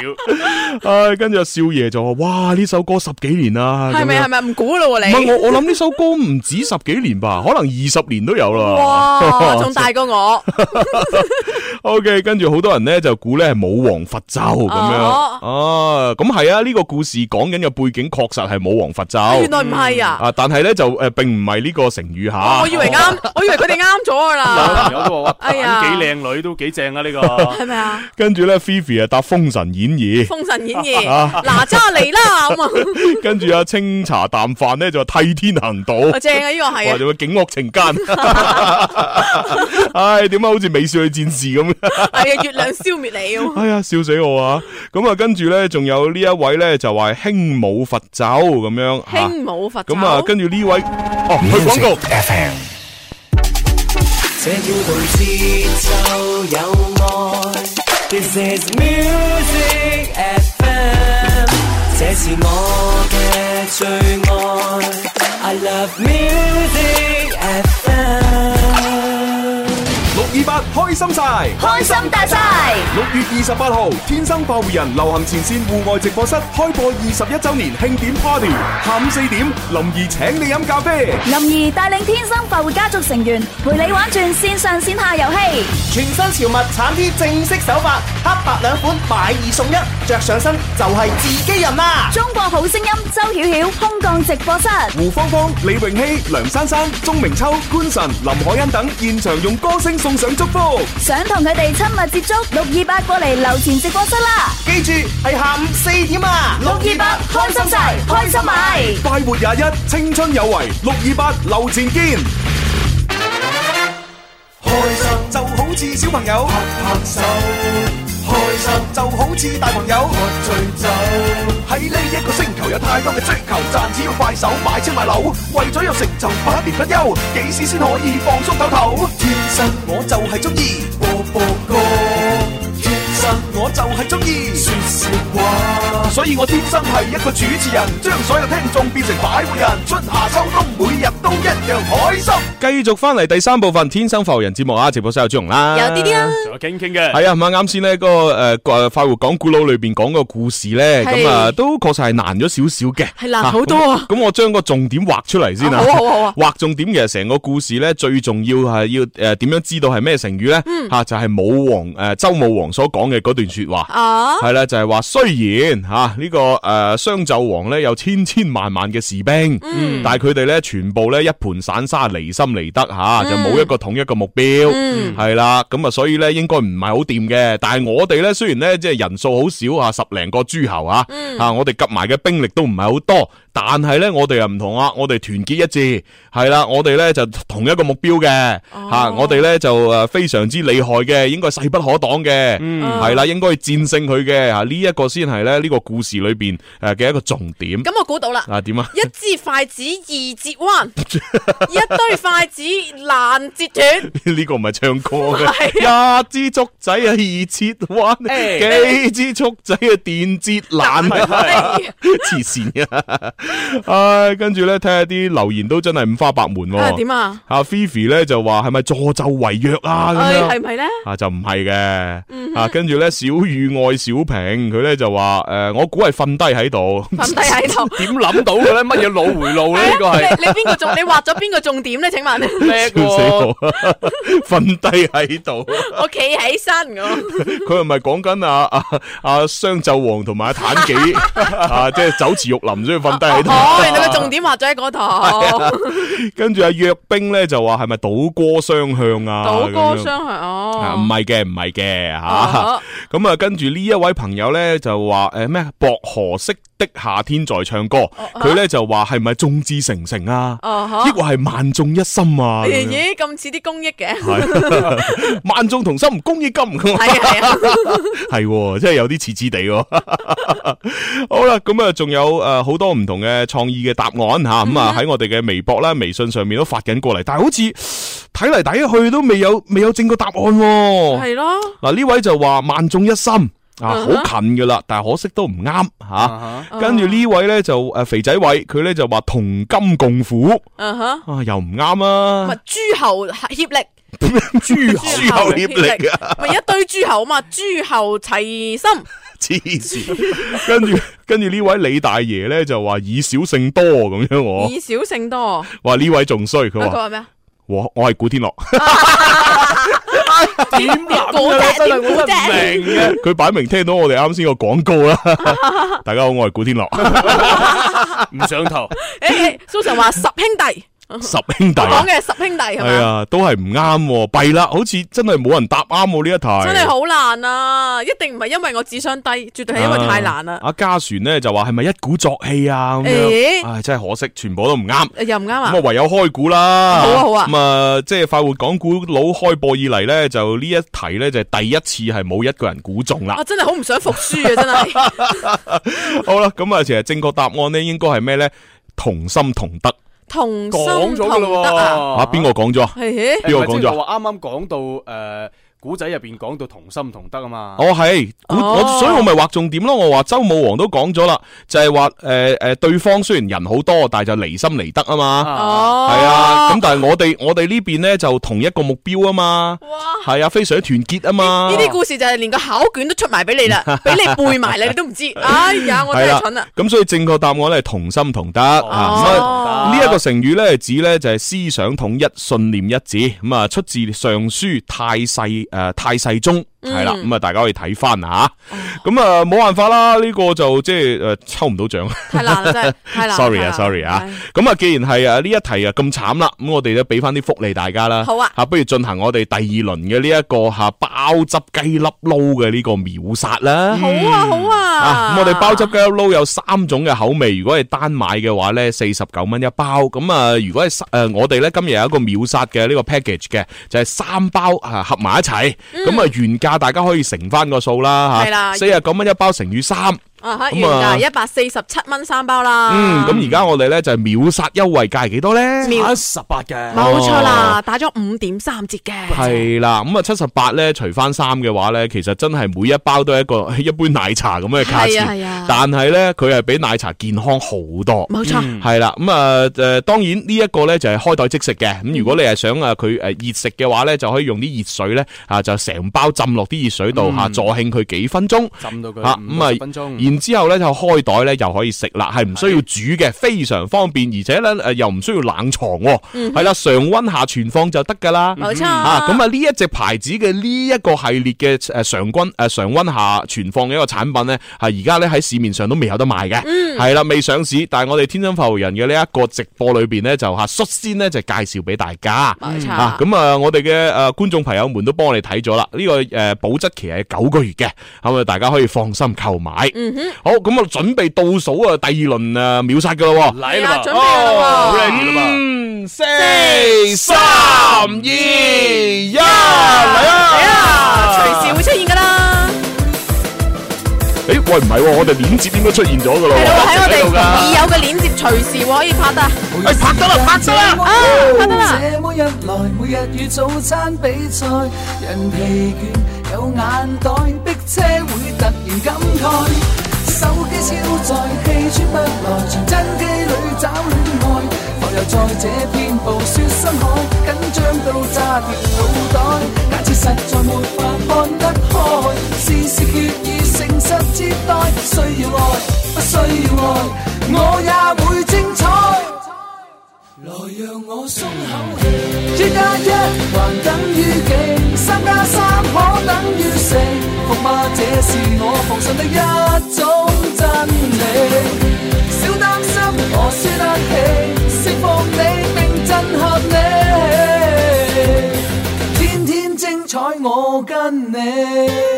[SPEAKER 1] 唉、 *laughs* 啊，跟住少爺就話，哇呢首歌十幾年啦，係
[SPEAKER 3] 咪係咪唔估咯你？唔係我我諗
[SPEAKER 1] 呢首歌唔止十幾年吧，可能二十年都有啦，哇仲大過我、 *laughs* 啊，OK，跟住好多人咧就估咧係武王伐紂咁樣，哦、啊。啊誒、呃，咁係啊！呢、這個故事講緊嘅背景確實係武王伐紂。原來唔係啊！啊、嗯，但係咧就誒、呃，並唔係呢個成語吓、哦。我
[SPEAKER 3] 以為啱、哦，我以為佢哋啱咗噶啦。有
[SPEAKER 5] 啲話，咁、哎、幾靚女都幾正啊！呢、這個係
[SPEAKER 3] 咪啊？
[SPEAKER 1] 跟住咧 Fifi 啊搭《封神演義》。《封神演義》 *laughs* 來。哪吒
[SPEAKER 3] 嚟啦咁啊！
[SPEAKER 1] *laughs* 跟住啊，清茶淡飯咧就是、替天行道。哦、正啊！呢、這個係啊！仲有警惡懲奸。唉、 *laughs* 哎，點解好似美少女戰士咁啊！係 *laughs* 啊、哎！月
[SPEAKER 3] 亮消滅你、
[SPEAKER 1] 啊。哎呀！笑死我啊！咁、嗯、啊，跟住咧仲。有呢一位咧就話輕舞佛酒咁樣，輕
[SPEAKER 3] 舞佛
[SPEAKER 7] 酒。咁啊，跟
[SPEAKER 1] 住呢位哦，唔去廣
[SPEAKER 4] 告。
[SPEAKER 1] 開心晒，開心大晒！六月二十八號，天生髮護人流行前線戶外直播室開播二十一周年慶典 party，下午四點，林怡請你飲咖啡。林
[SPEAKER 2] 怡帶領天生髮護家族成員陪你玩轉線上線下遊戲。全新潮物產啲正式首發，黑白兩款買二送一，着上身就係自己人啦！中國好聲音周曉曉空降直播室，
[SPEAKER 1] 胡芳芳、李詠希、梁珊珊、鍾明秋、官神、林海欣等現場用歌聲送上。祝福，想
[SPEAKER 2] 同佢哋親密接觸，六二八過嚟留前直播室啦！記住係下午四點啊！六二八開
[SPEAKER 1] 心晒，開心買，快活廿一，青春有為，六二八留前堅，開心就好似小朋友拍拍手。開心就好似大朋友，喝醉酒。喺呢一個星球有太多嘅追求，賺錢要快手，買車買樓，為咗有成就別，百年不休。幾時先可以放鬆唞唞？天生我就係中意播播歌，天生我就係中意說說話。所以我天生係一個主持人，將所有的聽眾變成快活人。春夏秋冬，每日都一樣開心。繼續翻嚟第三部分《天生快活人節目》節目啊！直播室有朱紅啦，有啲啲啊，
[SPEAKER 5] 有傾傾嘅係啊，
[SPEAKER 1] 唔啱、那個呃啊啊啊、先呢個誒快活講古佬裏邊講個故事咧，咁啊都確實係難咗少少嘅，係難好多啊！咁我將個重點畫出嚟先啊，畫重點其實成個故事咧最重要係要誒點樣知道係咩成語咧？吓、嗯啊、就係、是、武王誒、呃、周武王所講嘅嗰段說話，係、啊、啦、啊、就係、是、話雖然吓。啊這個呃、王呢個誒，商紂王咧有千千萬萬嘅士兵，嗯、但係佢哋咧全部咧一盤散沙，離心離德吓、啊嗯，就冇一個統一嘅目標，係、嗯、啦。咁啊，所以咧應該唔係好掂嘅。但係我哋咧雖然咧即係人數好少啊，十零個諸侯啊、嗯、啊，我哋夾埋嘅兵力都唔係好多，但係咧我哋又唔同啊，我哋團結一致，係啦，我哋咧就同一個目標嘅吓、哦啊，我哋咧就誒非常之厲害嘅，應該勢不可擋嘅，係、嗯、啦，應該去戰勝佢嘅吓，呢、啊、一、個先係咧呢個。故事裏邊誒嘅一個重點，咁
[SPEAKER 3] 我估到啦。點啊，啊？一支筷子二折彎， *laughs* 一堆筷子難折斷。
[SPEAKER 1] 呢 *laughs* 個唔係唱歌嘅、啊，一支竹仔、哎竹仔哎、 *laughs* 病啊，二折彎，幾支竹仔嘅電折難。黐線嘅，唉，跟住咧睇下啲留言都真係五花八門。
[SPEAKER 3] 點
[SPEAKER 1] 啊？阿 Fifi 咧就話係咪助紂為虐啊？係係唔係咧？啊，就唔係嘅。啊，跟住咧小雨愛小平佢咧就話誒。呃我估係瞓低喺度，
[SPEAKER 3] 瞓低喺度，點
[SPEAKER 1] 諗到嘅咧？乜嘢腦回路呢個係？你
[SPEAKER 3] 邊個重？你畫咗邊個重點咧？請問叻
[SPEAKER 1] 喎，瞓低喺度。
[SPEAKER 3] 我企起身我。
[SPEAKER 1] 佢係咪講緊阿阿阿商紂王同埋阿妲己啊？即係酒池肉林，所以瞓低喺度。哦，原來個重
[SPEAKER 3] 點畫咗喺嗰度。
[SPEAKER 1] 跟住阿約兵咧就話係咪倒戈相向啊？倒戈相
[SPEAKER 3] 向哦，唔
[SPEAKER 1] 係嘅，唔係嘅吓。咁啊，跟住呢一位朋友咧就話誒咩？薄荷色的夏天在唱歌，佢咧就話係咪眾志成城啊？亦或係萬眾一心啊？咦，
[SPEAKER 3] 咁似啲公益嘅，
[SPEAKER 1] *laughs* 萬眾同心，唔公益金咁啊？係 *laughs* 是啊，係、 *laughs* 哦，真係有啲似似哋。 *laughs* 好啦，咁、嗯、啊，仲有誒好多唔同嘅創意嘅答案吓，咁啊喺我哋嘅微博啦、微信上面都發緊過嚟，但係好似睇嚟睇去都未有未有正確答案。係咯、啊，嗱呢位就話萬眾一心。Uh -huh. 啊，好近噶啦，但係可惜都唔啱吓。跟住呢位咧就誒肥仔偉，佢咧就話同甘共苦。啊，又唔啱啊！咪
[SPEAKER 3] 諸侯協力、
[SPEAKER 1] 啊，諸侯協力啊！咪一
[SPEAKER 3] 堆諸侯啊嘛，諸 *laughs* 侯齊心，
[SPEAKER 1] 黐線。跟住跟住呢位李大爺咧就話以少勝多咁樣喎，
[SPEAKER 3] 以少勝多。
[SPEAKER 1] 話呢位仲衰，佢話咩、啊、我我係古天樂。 *laughs* *laughs*
[SPEAKER 4] 點
[SPEAKER 2] 入、啊、不明嘅、啊，
[SPEAKER 1] 佢擺明聽到我哋啱先個廣告啦。大家好，我係古天樂，
[SPEAKER 5] 唔 *laughs* 上頭。誒 *laughs* 、
[SPEAKER 3] 欸欸，蘇神話十兄弟。
[SPEAKER 1] 十兄弟、啊，講嘅
[SPEAKER 3] 十兄弟係嘛？係、哎、啊，
[SPEAKER 1] 都係唔啱，弊啦，好似真係冇人答啱呢、啊、一題，真係好
[SPEAKER 3] 難啊！一定唔係因為我智商低，絕對係因為太難啦、啊。阿、
[SPEAKER 1] 啊、嘉旋呢，就話係咪一鼓作氣啊？咁、欸、樣，唉、哎，真係可惜，全部都唔啱，
[SPEAKER 3] 又唔啱啊！咁啊，
[SPEAKER 1] 唯有開估啦。好啊，好啊。咁啊，即係快活講古佬開播以嚟咧，就呢一題咧就係第一次係冇一個人估中啦。我
[SPEAKER 3] 真係好唔想服輸啊！真係。真 *laughs* *laughs*
[SPEAKER 1] 好啦，咁啊，其實正確答案該呢，應該係咩咧？同心同德。
[SPEAKER 5] 同講咗㗎啦，啊邊個講咗？邊個講咗？我啱啱講到誒。呃古仔入邊講到同心同德啊嘛，哦
[SPEAKER 1] 係，我所以我咪畫重點咯。我話周武王都講咗啦，就係話誒誒，對方雖然人好多，但係就離心離德啊嘛，哦，係啊，咁、啊、但係我哋我哋呢邊咧就同一個目標啊嘛，哇，係啊，非常團結啊嘛，呢啲故
[SPEAKER 3] 事就係連個考卷都出埋俾你啦，俾你背埋 *laughs* 你都唔知，哎呀，我真係蠢啦，
[SPEAKER 1] 咁、啊、所以正確答案咧係同心同德，呢一、啊啊這個成語咧指咧就係、是、思想統一、信念一致，咁啊出自尚書泰誓。誒太勢中。係、嗯、啦，咁啊大家可以睇翻吓，咁啊冇辦法啦，呢、這個就即係誒抽唔到獎，係啦，係，啦 *laughs* ，sorry 啊，sorry 啊，咁啊，既然係啊呢一題啊咁慘啦，咁我哋咧俾翻啲福利大家啦，好啊，吓不如進行我哋第二輪嘅呢一個吓鮑汁雞粒撈嘅呢個秒殺啦，好啊，好啊，咁、嗯、我哋鮑汁雞粒撈有三種嘅口味，如果係單買嘅話咧，四十九蚊一包，咁啊如果係誒我哋咧今日有一個秒殺嘅呢個 package 嘅，就係三包合埋一齊，咁、嗯、啊原價。大家可以乘翻個數啦吓，四十九蚊一包乘以三。啊，原價一
[SPEAKER 3] 百四十七蚊三包啦。嗯，
[SPEAKER 1] 咁而家我哋咧就係、是、秒殺優惠價係幾多咧？七十八嘅，冇錯啦，
[SPEAKER 3] 打咗五點三折嘅。係
[SPEAKER 1] 啦，咁啊七十八咧，除返三嘅話咧，其實真係每一包都係一個一杯奶茶咁嘅價錢。係啊係啊。但係咧，佢係比奶茶健康好多。冇錯。係、嗯、啦，咁啊誒，當然呢一個咧就係開袋即食嘅。咁如果你係想啊佢誒熱食嘅話咧，就可以用啲熱水咧啊，就成包浸落啲熱水度吓，助興佢幾分鐘，浸到佢吓，五分鐘。嗯啊然之後咧就開袋咧又可以食啦，係唔需要煮嘅，非常方便，而且咧誒又唔需要冷藏喎、哦，係、嗯、啦，常溫下存放就得㗎啦。冇、嗯、錯、嗯、啊！咁啊呢一隻牌子嘅呢一個系列嘅誒常溫誒常溫下存放嘅一個產品咧，係而家咧喺市面上都未有得賣嘅，係、嗯、啦，未上市。但係我哋天津發匯人嘅呢一個直播裏邊咧就嚇率先咧就介紹俾大家。冇、嗯、錯、嗯、啊！咁啊我哋嘅誒觀眾朋友們都幫我哋睇咗啦，呢、這個誒保質期係九個月嘅，咁啊大家可以放心購買。好，咁啊，準備倒數啊，第二輪啊，秒殺噶咯，嚟啦，五、
[SPEAKER 4] 四、
[SPEAKER 1] 三、二、一，嚟啊嚟啊，隨時會出現噶啦。誒，喂，唔係，我哋鏈接應該出現咗噶咯，喺我哋已有
[SPEAKER 3] 嘅鏈接，隨時可以拍得。誒，拍得啦，拍得啦，
[SPEAKER 7] 啊，拍得啦。手機超載，氣喘不來，傳真機裏找戀愛，浮游在這片暴雪深海，緊張到炸裂腦袋，假設實在沒法看得開，絲絲血意，誠實接待，需要愛，不需要愛，我也會精彩。
[SPEAKER 4] 來讓我鬆口
[SPEAKER 7] 氣，一加一還等於幾？三加三可等於四？服嗎？這是我奉上的一種真理。少擔心，我輸得起，釋放你並震撼你，天天精彩我跟你。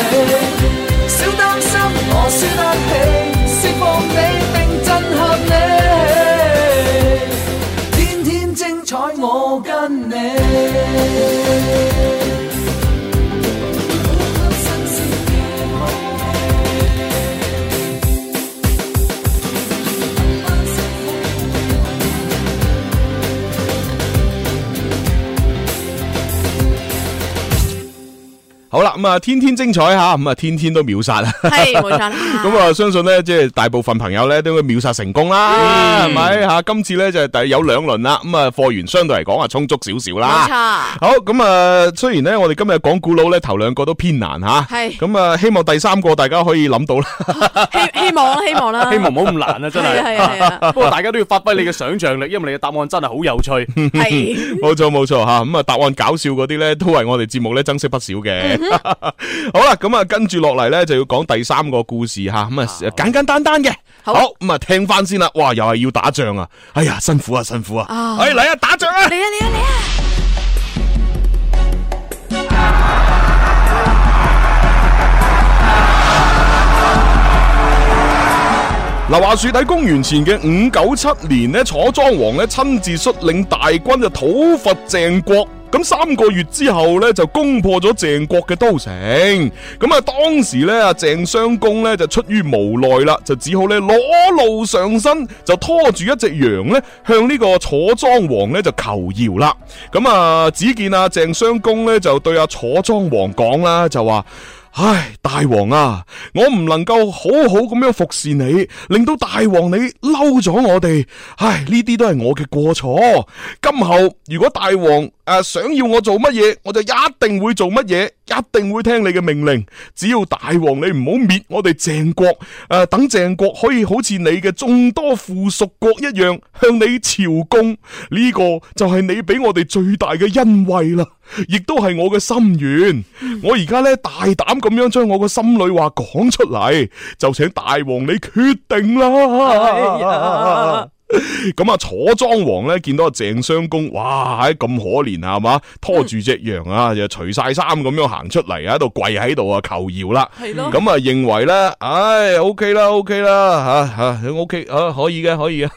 [SPEAKER 7] 少擔心，我輸得起，釋放你並震撼你，天天精彩，我跟你。
[SPEAKER 1] 好啦，咁、嗯、啊天天精彩吓，咁、嗯、啊天天都秒殺啦，係冇錯咁啊 *laughs* 相信咧，即係大部分朋友咧都會秒殺成功啦，係咪吓？今次咧就第有兩輪啦，咁啊貨源相對嚟講啊充足少少啦，冇錯。好咁啊、嗯，雖然咧我哋今日講古佬咧頭兩個都偏難吓，係咁啊希望第三個大家可以諗到啦、哦，
[SPEAKER 3] 希望啦，希望
[SPEAKER 1] 啦，希望唔好咁難啊，真係、啊啊啊啊。
[SPEAKER 5] 不過大家都要發揮你嘅想象力， *laughs* 因為你嘅答案真係好有趣。係、
[SPEAKER 1] 啊，冇錯冇錯吓，咁啊答案搞笑嗰啲咧都為我哋節目咧增色不少嘅。 *laughs* 嗯、 *laughs* 好啦，咁啊，跟住落嚟咧就要講第三個故事吓，咁啊簡簡單單嘅、啊，好，咁啊聽翻先啦，哇，又係要打仗啊，哎呀，辛苦啊，辛苦啊，
[SPEAKER 3] 啊哎，嚟啊，打仗啊，嚟啊，嚟啊，嚟啊！嗱、啊啊啊啊
[SPEAKER 1] 啊啊，話說喺公元前嘅五九七年咧，楚莊王咧親自率領大軍就討伐鄭國。咁三個月之後呢，就攻破咗鄭國嘅都城。咁啊，當時咧鄭襄公呢就出於無奈啦，就只好咧裸露上身，就拖住一隻羊呢，向呢個楚莊王呢就求饒啦。咁啊，只見啊鄭襄公呢就對阿、啊、楚莊王講啦，就話。唉，大王啊，我唔能夠好好咁樣服侍你，令到大王你嬲咗我哋。唉，呢啲都係我嘅過錯。今後如果大王誒、呃、想要我做乜嘢，我就一定會做乜嘢，一定會聽你嘅命令。只要大王你唔好滅我哋鄭國，誒、呃，等鄭國可以好似你嘅眾多附屬國一樣向你朝貢，呢、呢個就係你俾我哋最大嘅恩惠啦。亦都係我嘅心願，我而家咧大膽咁樣將我嘅心裏話講出嚟，就請大王你決定啦。哎咁啊，楚莊王咧見到阿鄭相公，哇，喺咁可憐啊，係嘛，拖住隻羊啊，除晒衫咁樣行出嚟，喺度跪喺度啊，求饒啦。係、嗯、咯。咁啊，認為咧，唉、哎、OK 啦，OK 啦，吓吓，OK，啊、OK，可以嘅，可以嘅，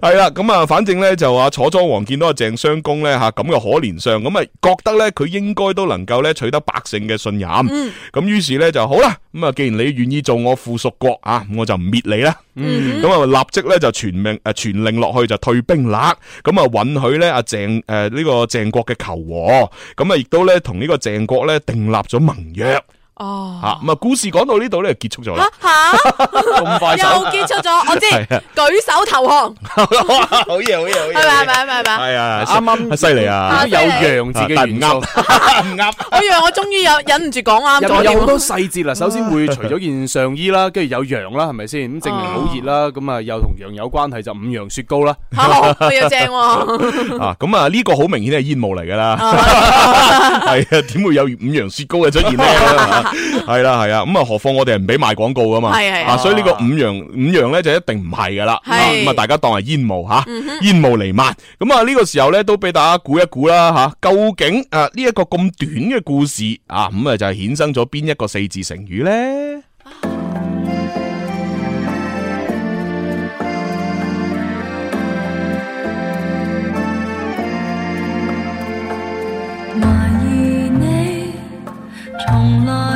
[SPEAKER 1] 係啦。咁啊，反正咧就話楚莊王見到阿鄭相公咧吓咁嘅可憐相，咁啊覺得咧佢應該都能夠咧取得百姓嘅信任。咁、嗯、於是咧就好啦。咁啊，既然你願意做我附屬國啊，我就唔滅你啦。咁、嗯、啊，立即咧就傳命誒，傳令落去就退兵啦。咁啊，允許咧阿鄭誒呢個鄭國嘅求和，咁啊，亦都咧同呢個鄭國咧訂立咗盟約。哦，吓，咁啊，故事講到呢度咧，就結束咗啦。
[SPEAKER 5] 吓，咁快
[SPEAKER 1] 又結束咗，我知。
[SPEAKER 3] 係啊，舉手投降。
[SPEAKER 1] 好嘢，好嘢，好嘢。係咪？係咪？係咪？
[SPEAKER 3] 係啊，啱啱犀利啊，
[SPEAKER 5] 有羊字嘅元素，唔
[SPEAKER 3] 啱。我羊，我終於有忍唔住講啱咗。講好多
[SPEAKER 5] 細節啦，首先會除咗件上衣啦，跟住有羊啦，係咪先？咁證明好熱啦，咁啊又同羊有關係，就五羊雪糕啦。吓，
[SPEAKER 1] 又正。啊，咁啊呢個好明顯係煙霧嚟噶啦。係啊，點會有五羊雪糕嘅出現咧？係 *laughs* 啦，係啊，咁啊，何況我哋唔俾賣廣告噶嘛，啊，所以呢個五羊五羊咧就一定唔係噶啦，咁啊，大家當係煙霧吓，煙霧彌漫，咁啊，呢個時候咧都俾大家估一估啦吓，究竟誒呢一個咁短嘅故事啊，咁、嗯、啊就係、是、衍生咗邊一個四字成語咧？
[SPEAKER 8] 懷疑你從來。 *music*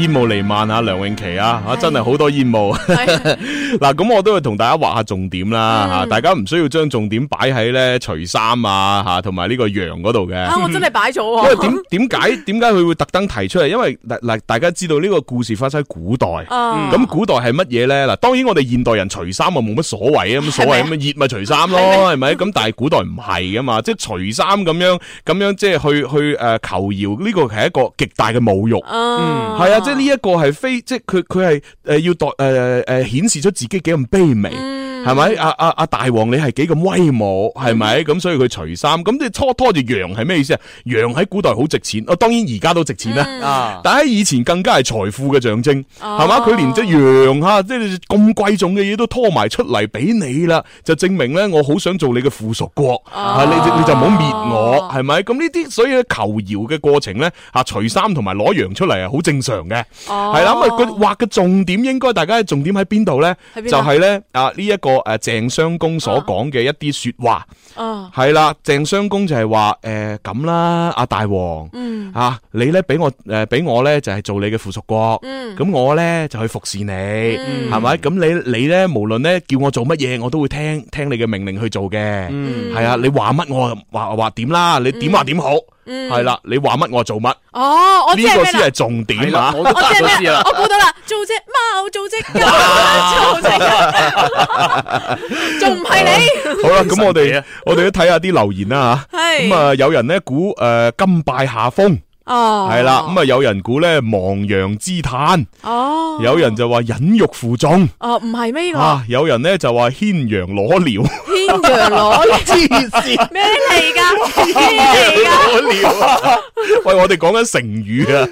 [SPEAKER 1] 煙霧彌漫啊，梁詠琪啊，真係好多煙霧。嗱，咁 *laughs* 我都會同大家畫下重點啦，吓、嗯、大家唔需要將重點擺喺咧除衫啊吓，同埋呢個羊嗰度嘅。啊，我真
[SPEAKER 3] 係擺咗。因為點
[SPEAKER 1] 點解點解佢會特登提出嚟？因為嗱嗱，大家知道呢個故事發生喺古代，咁、嗯、古代係乜嘢咧？嗱，當然我哋現代人除衫啊冇乜所謂啊，咁所謂咁熱咪除衫咯，係咪？咁但係古代唔係噶嘛， *laughs* 即係除衫咁樣咁樣，樣即係去去誒求饒呢、這個係一個極大嘅侮辱。係、嗯、啊。嗯即係呢一個係非，即係佢佢係誒要代誒誒顯示出自己幾咁卑微、嗯。係咪？阿啊啊大王，你係幾咁威武？係咪？咁、嗯、所以佢除衫，咁你初拖拖住羊係咩意思啊？羊喺古代好值錢，哦、啊，當然而家都值錢啦。啊、嗯，但喺以前更加係財富嘅象徵，係、啊、嘛？佢連隻羊吓，即係咁貴重嘅嘢都拖埋出嚟俾你啦，就證明咧，我好想做你嘅附屬國，啊，你你就唔好滅我，係咪？咁呢啲所以求饒嘅過程咧，啊，除衫同埋攞羊出嚟啊，好正常嘅。係係啦，咁啊，佢畫嘅重點應該大家重點喺邊度咧？就係、是、咧，啊，呢、這、一個。個誒鄭相公所講嘅一啲說話，
[SPEAKER 8] 係、
[SPEAKER 1] oh. 啦、oh.，鄭相公就係話誒咁啦，阿、呃、大王，吓、mm. 啊、你咧俾我誒俾、呃、我咧就係、是、做你嘅附屬國，咁、mm. 我咧就去服侍你，係、mm. 咪？咁你你咧無論咧叫我做乜嘢，我都會聽聽你嘅命令去做嘅，係、mm. 啊，你話乜我話話點啦，你點話點好。Mm. 係、嗯、啦，你話乜我做乜。哦，我
[SPEAKER 3] 知係呢、這個先係重
[SPEAKER 1] 點啦、啊。我知係咩， *laughs* 我估
[SPEAKER 3] 到啦，我做隻貓，做隻貓，做
[SPEAKER 1] 隻，
[SPEAKER 4] 仲唔係你？哦、
[SPEAKER 1] 好啦，咁我哋、啊、我哋都睇下啲留言啦吓。咁 *laughs* 啊、呃，有人咧估誒，甘、呃、拜下風。哦、oh.，係、嗯、啦，咁、oh. oh. 啊，啊，有人估咧亡羊之嘆，
[SPEAKER 3] 哦，有
[SPEAKER 1] 人就話忍辱負重，
[SPEAKER 3] 哦，唔係咩個？
[SPEAKER 1] 有人咧就話牽羊裸聊，
[SPEAKER 3] 牽羊裸聊，咩嚟噶？咩嚟噶？黐線，
[SPEAKER 1] *laughs* 喂，我哋講緊成語啊，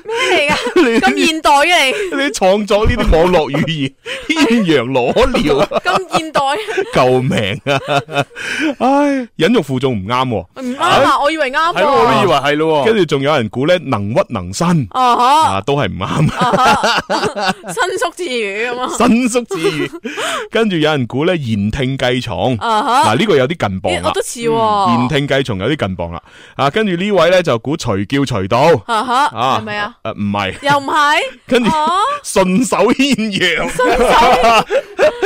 [SPEAKER 1] 咩嚟噶？咁現代嘅 *laughs* 你你創作呢啲網絡語言，牽羊裸聊，咁、哎、現代，救命啊！唉，忍辱負重唔啱、啊，唔
[SPEAKER 3] 啱啊，啊！我以為啱、啊，我都
[SPEAKER 5] 以為係咯，
[SPEAKER 1] 跟住仲有人估咧。能屈能伸、uh -huh. 啊，都係唔啱。Uh -huh.
[SPEAKER 3] *laughs* 伸縮自如咁啊，伸
[SPEAKER 1] 縮自如。跟住有人估咧言聽計從啊，嗱呢個有啲近磅啊，都似。言聽計從有啲近磅啦。啊，跟住呢位咧就估隨叫隨到、uh -huh. 啊，係咪啊？誒、啊，唔係。
[SPEAKER 3] 又唔係？跟住
[SPEAKER 1] 順手牽羊。順 *laughs* 手牽羊，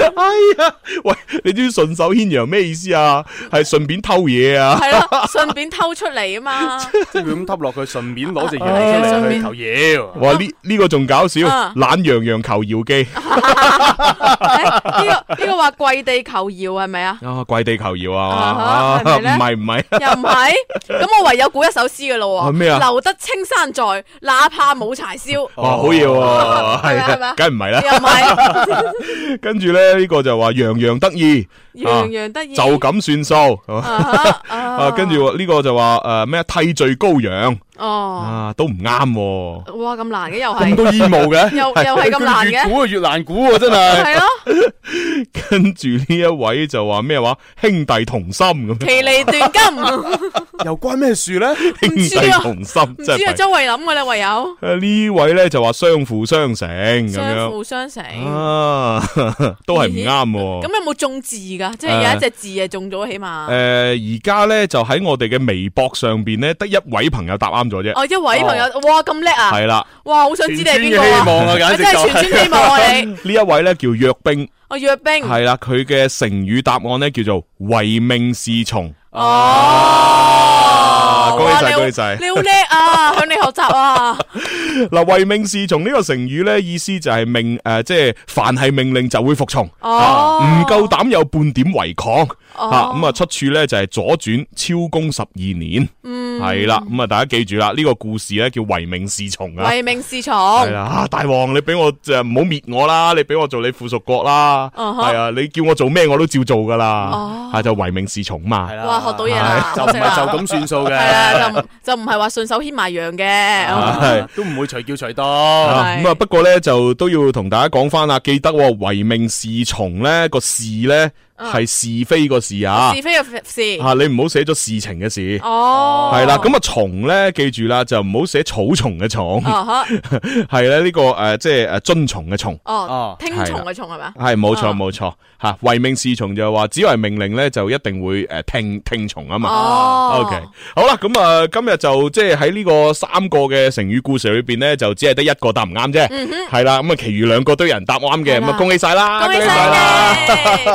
[SPEAKER 1] *laughs* 哎呀，喂，你知唔知順手牽羊咩意思啊？係順便偷嘢啊？係 *laughs* 啊，
[SPEAKER 3] 順便偷出嚟啊嘛。
[SPEAKER 5] 即係咁揼落去，順便攞。啊、求
[SPEAKER 1] 饒、啊，哇！呢呢、這個仲搞笑，懶、啊、洋洋求饒機。呢
[SPEAKER 3] *laughs* 哎這個呢、這個話跪地求饒係咪
[SPEAKER 1] 啊？跪地求饒啊？唔係唔係，又唔係。
[SPEAKER 3] 咁 *laughs* 我唯有估一首詩嘅咯。咩啊，啊？留得青山在，哪怕冇柴燒、哦哦啊。好嘢、啊，
[SPEAKER 1] 係梗唔係啦，又唔係。 *laughs* 跟住咧呢、這個就話洋洋得意，洋洋得意、啊、就咁算數、啊啊啊啊。跟住呢個就話誒咩替罪羔羊。哦，啊，都唔啱、啊，
[SPEAKER 3] 哇咁難嘅又係，咁多煙霧嘅，又 *laughs* 又係咁難嘅，越估
[SPEAKER 1] 就越難估、啊、真係，係 *laughs* 咯是的。 *laughs* 跟住呢一位就話咩話兄弟同心咁，其
[SPEAKER 3] 利斷金。 *laughs*
[SPEAKER 1] 又關咩事咧？兄弟同心，真係、啊就是、周
[SPEAKER 3] 圍諗嘅咧。唯有
[SPEAKER 1] 誒、呃、呢位咧就話相輔相成咁樣，相輔
[SPEAKER 3] 相成啊，哈
[SPEAKER 1] 哈都係唔啱。咁
[SPEAKER 3] 有冇中字噶、呃？即係有一隻字啊，中咗起碼
[SPEAKER 1] 誒。而家咧就喺我哋嘅微博上邊咧，得一位朋友答啱咗啫。哦，一位朋友，
[SPEAKER 3] 哇咁叻啊！係啦，哇，好、啊、想知道你係
[SPEAKER 5] 邊個啊！真係全村希望、啊、 *laughs* 我哋！
[SPEAKER 1] 呢一位咧叫約兵，
[SPEAKER 3] 哦，約兵係啦。
[SPEAKER 1] 佢嘅成語答案咧叫做唯命是從哦。啊恭喜晒，恭喜晒。你好叻
[SPEAKER 3] 啊， *laughs* 向你學習啊。
[SPEAKER 1] 嗱，唯命是從呢個成語咧，意思就係命誒，即、呃、係、就是、凡係命令就會服從啊，唔夠膽有半點違抗。吓咁啊，嗯啊嗯！出處咧就係、是、左轉超工十二年，嗯，係啦。咁、嗯、啊，大家記住啦，呢、這個故事咧叫唯命是從啊。唯
[SPEAKER 3] 命是從係啦，
[SPEAKER 1] 啊，大王，你俾我就唔好滅我啦，你俾我做你附屬國啦，係啊，你叫我做咩我都照做噶啦，係、啊啊、就唯命是從嘛。哇，學到嘢啦，就唔係
[SPEAKER 5] 就咁算數嘅，係 *laughs* *laughs* 啊，就
[SPEAKER 3] 就唔係話順手牽埋羊嘅，
[SPEAKER 1] 係
[SPEAKER 5] 都唔會隨叫隨到。
[SPEAKER 1] 咁啊、嗯，不過咧就都要同大家講翻啊，記得唯、哦、命是從咧個事咧。係是，是非個事啊、
[SPEAKER 3] 哦！是非個
[SPEAKER 1] 事吓，你唔好寫咗事情嘅事。哦，係啦，咁、那、啊、個，從咧記住啦，就唔好寫草叢嘅從哦，係 *laughs* 啦，呢、這個誒、呃，即係誒，遵從嘅從。哦，聽從嘅
[SPEAKER 4] 從係
[SPEAKER 3] 嘛？係冇錯冇
[SPEAKER 1] 錯吓，唯、哦啊、命是從就話，只要命令咧，就一定會誒聽聽從啊嘛。哦，OK，好啦，咁啊、呃，今日就即係喺呢個三個嘅成語故事裏邊咧，就只係得一個答唔啱啫。係、嗯、啦，咁啊，其餘兩個都有人答啱嘅，咁啊，恭喜晒啦！恭喜晒
[SPEAKER 3] 啦！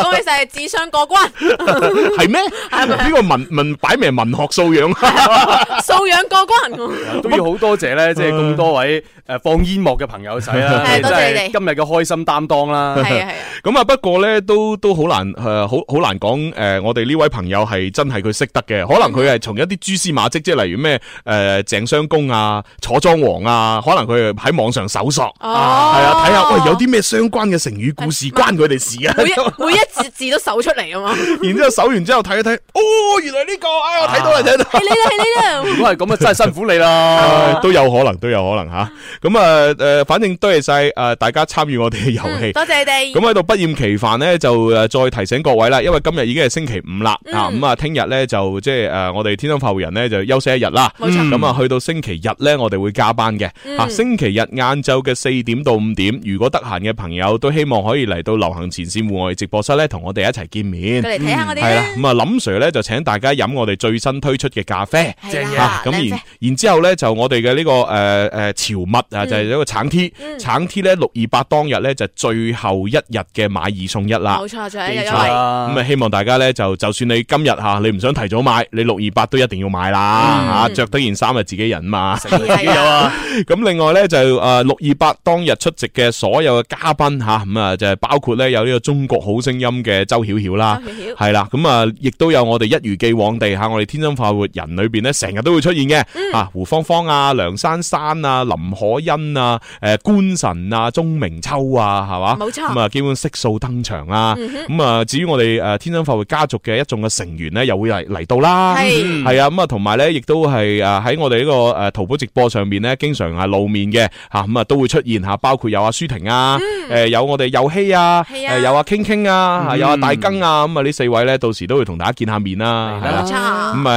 [SPEAKER 3] 恭喜晒！智商過關
[SPEAKER 1] 係 *laughs* 咩是嗎？呢、 *laughs* 呢個文文
[SPEAKER 5] 擺明文學素養 *laughs* ，
[SPEAKER 3] *laughs* 素養過關、啊、
[SPEAKER 5] 都要好多謝咧，即係咁多位。誒，放煙幕嘅朋友使啦、啊，多謝你今日嘅開心擔當啦。係咁
[SPEAKER 1] 啊，不過咧都都好難誒，好、呃、好難講。誒、呃，我哋呢位朋友係真係佢識得嘅，可能佢係從一啲蛛絲馬迹，即係例如咩誒鄭雙公啊、楚莊王啊，可能佢喺網上搜索，係、哦、啊，睇下喂，有啲咩相關嘅成語故事關佢哋事啊。每一，
[SPEAKER 3] 每一字字 *laughs* 都搜出嚟啊嘛。
[SPEAKER 1] 然之後搜完之後睇一睇，哦，
[SPEAKER 3] 原來呢、這個，哎呀，睇到啦睇到。係你啦係你啦。
[SPEAKER 1] 如果係咁啊，真係辛苦你啦、啊，都有可能都有可能吓。啊。咁啊，誒、呃，反正多謝晒，誒，大家參與我哋嘅遊戲，多
[SPEAKER 4] 謝你。
[SPEAKER 3] 咁喺
[SPEAKER 1] 度不厭其煩咧，就誒再提醒各位啦，因為今日已經係星期五啦、嗯，啊，咁、嗯、啊，聽日咧就即係誒，我哋天窗發戶人咧就休息一日啦。冇錯。咁啊，去到星期日咧，我哋會加班嘅、嗯。啊，星期日晏晝嘅四點到五點，如果得閒嘅朋友都希望可以嚟到流行前線戶外直播室咧，同我哋一齊見面。嚟睇下我哋、嗯。係啦，咁啊，林 Sir 咧就請大家飲我哋最新推出嘅咖啡，正嘅、啊嗯、然然之後咧，就我哋嘅呢個誒誒潮物。呃嗱、啊、就係、是、一個橙 T、嗯嗯、橙 T 咧六二八當日咧就是、最後一日嘅買二送一啦，
[SPEAKER 4] 冇錯
[SPEAKER 8] 就係咁啊！咁、嗯、
[SPEAKER 1] 希望大家咧就就算你今日吓你唔想提早買，你六二八都一定要買啦吓，着得件衫啊就自己人嘛，咁、嗯、 *laughs* *laughs* 另外咧就誒六二八當日出席嘅所有嘅嘉賓吓咁啊、嗯、就係、是、包括咧有呢個中國好聲音嘅周曉曉啦，係啦，咁啊亦都有我哋一如既往地吓我哋天生快活人裏邊咧成日都會出現嘅、嗯、啊胡芳芳啊梁珊珊啊林可。因啊，誒，官神啊，鍾明秋啊，係嘛？冇錯。咁啊，基本悉數登場啦。咁啊，至於我哋誒，天生發會家族嘅一眾嘅成員咧，又會嚟嚟到啦。係係啊，咁啊，同埋咧，亦都係誒喺我哋呢個誒淘寶直播上面咧，經常啊露面嘅吓，咁啊都會出現吓，包括有阿舒婷啊，誒，有我哋有希啊，係啊，有阿傾傾啊，係有阿大更啊，咁啊呢四位咧，到時都會同大家見下面啦。冇錯。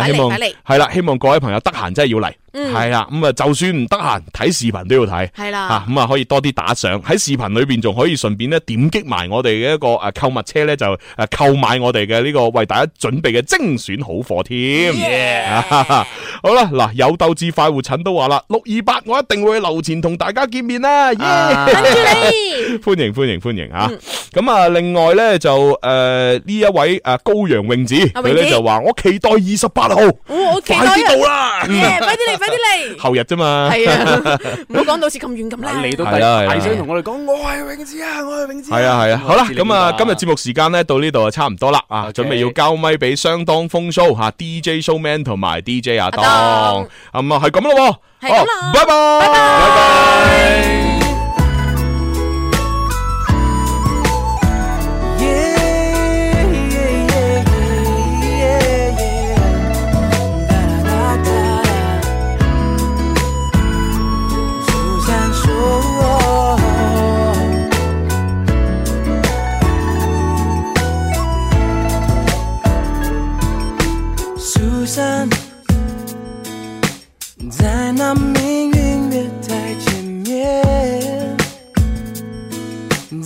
[SPEAKER 1] 睇嚟睇嚟。係啦，希望各位朋友得閒真係要嚟。嗯。係啦，咁啊，就算唔得閒睇視頻。都要睇，係啦，吓咁啊，可以多啲打賞，喺視頻裏邊仲可以順便咧點擊埋我哋嘅一個誒購物車咧，就誒購買我哋嘅呢個為大家準備嘅精選好貨添，yeah! 啊。好啦，嗱，有鬥志快活陳都話啦，六二八我一定會留前同大家見面啦。快啲嚟，歡迎歡迎歡迎吓。咁、嗯、啊，另外咧就誒呢、呃、一位高泳啊高陽永子佢咧就話我期待二十八號，我期待，哦、我期待。快啲到啦，快啲嚟，快啲點嚟， *laughs* 後日啫嘛，係 *laughs* 是啊。 *laughs* 講到似咁遠咁靚，係啦，你都係想同我哋講，我係泳志啊，我係泳志。係啊係啊，啊啊好啦，咁啊今日節目時間咧到呢度啊差唔多啦啊，okay，準備要交咪俾相當風騷吓 DJ Showman 同埋 DJ 阿當，咁啊係咁咯喎，好，
[SPEAKER 4] 拜拜，拜拜。拜拜
[SPEAKER 1] 拜拜。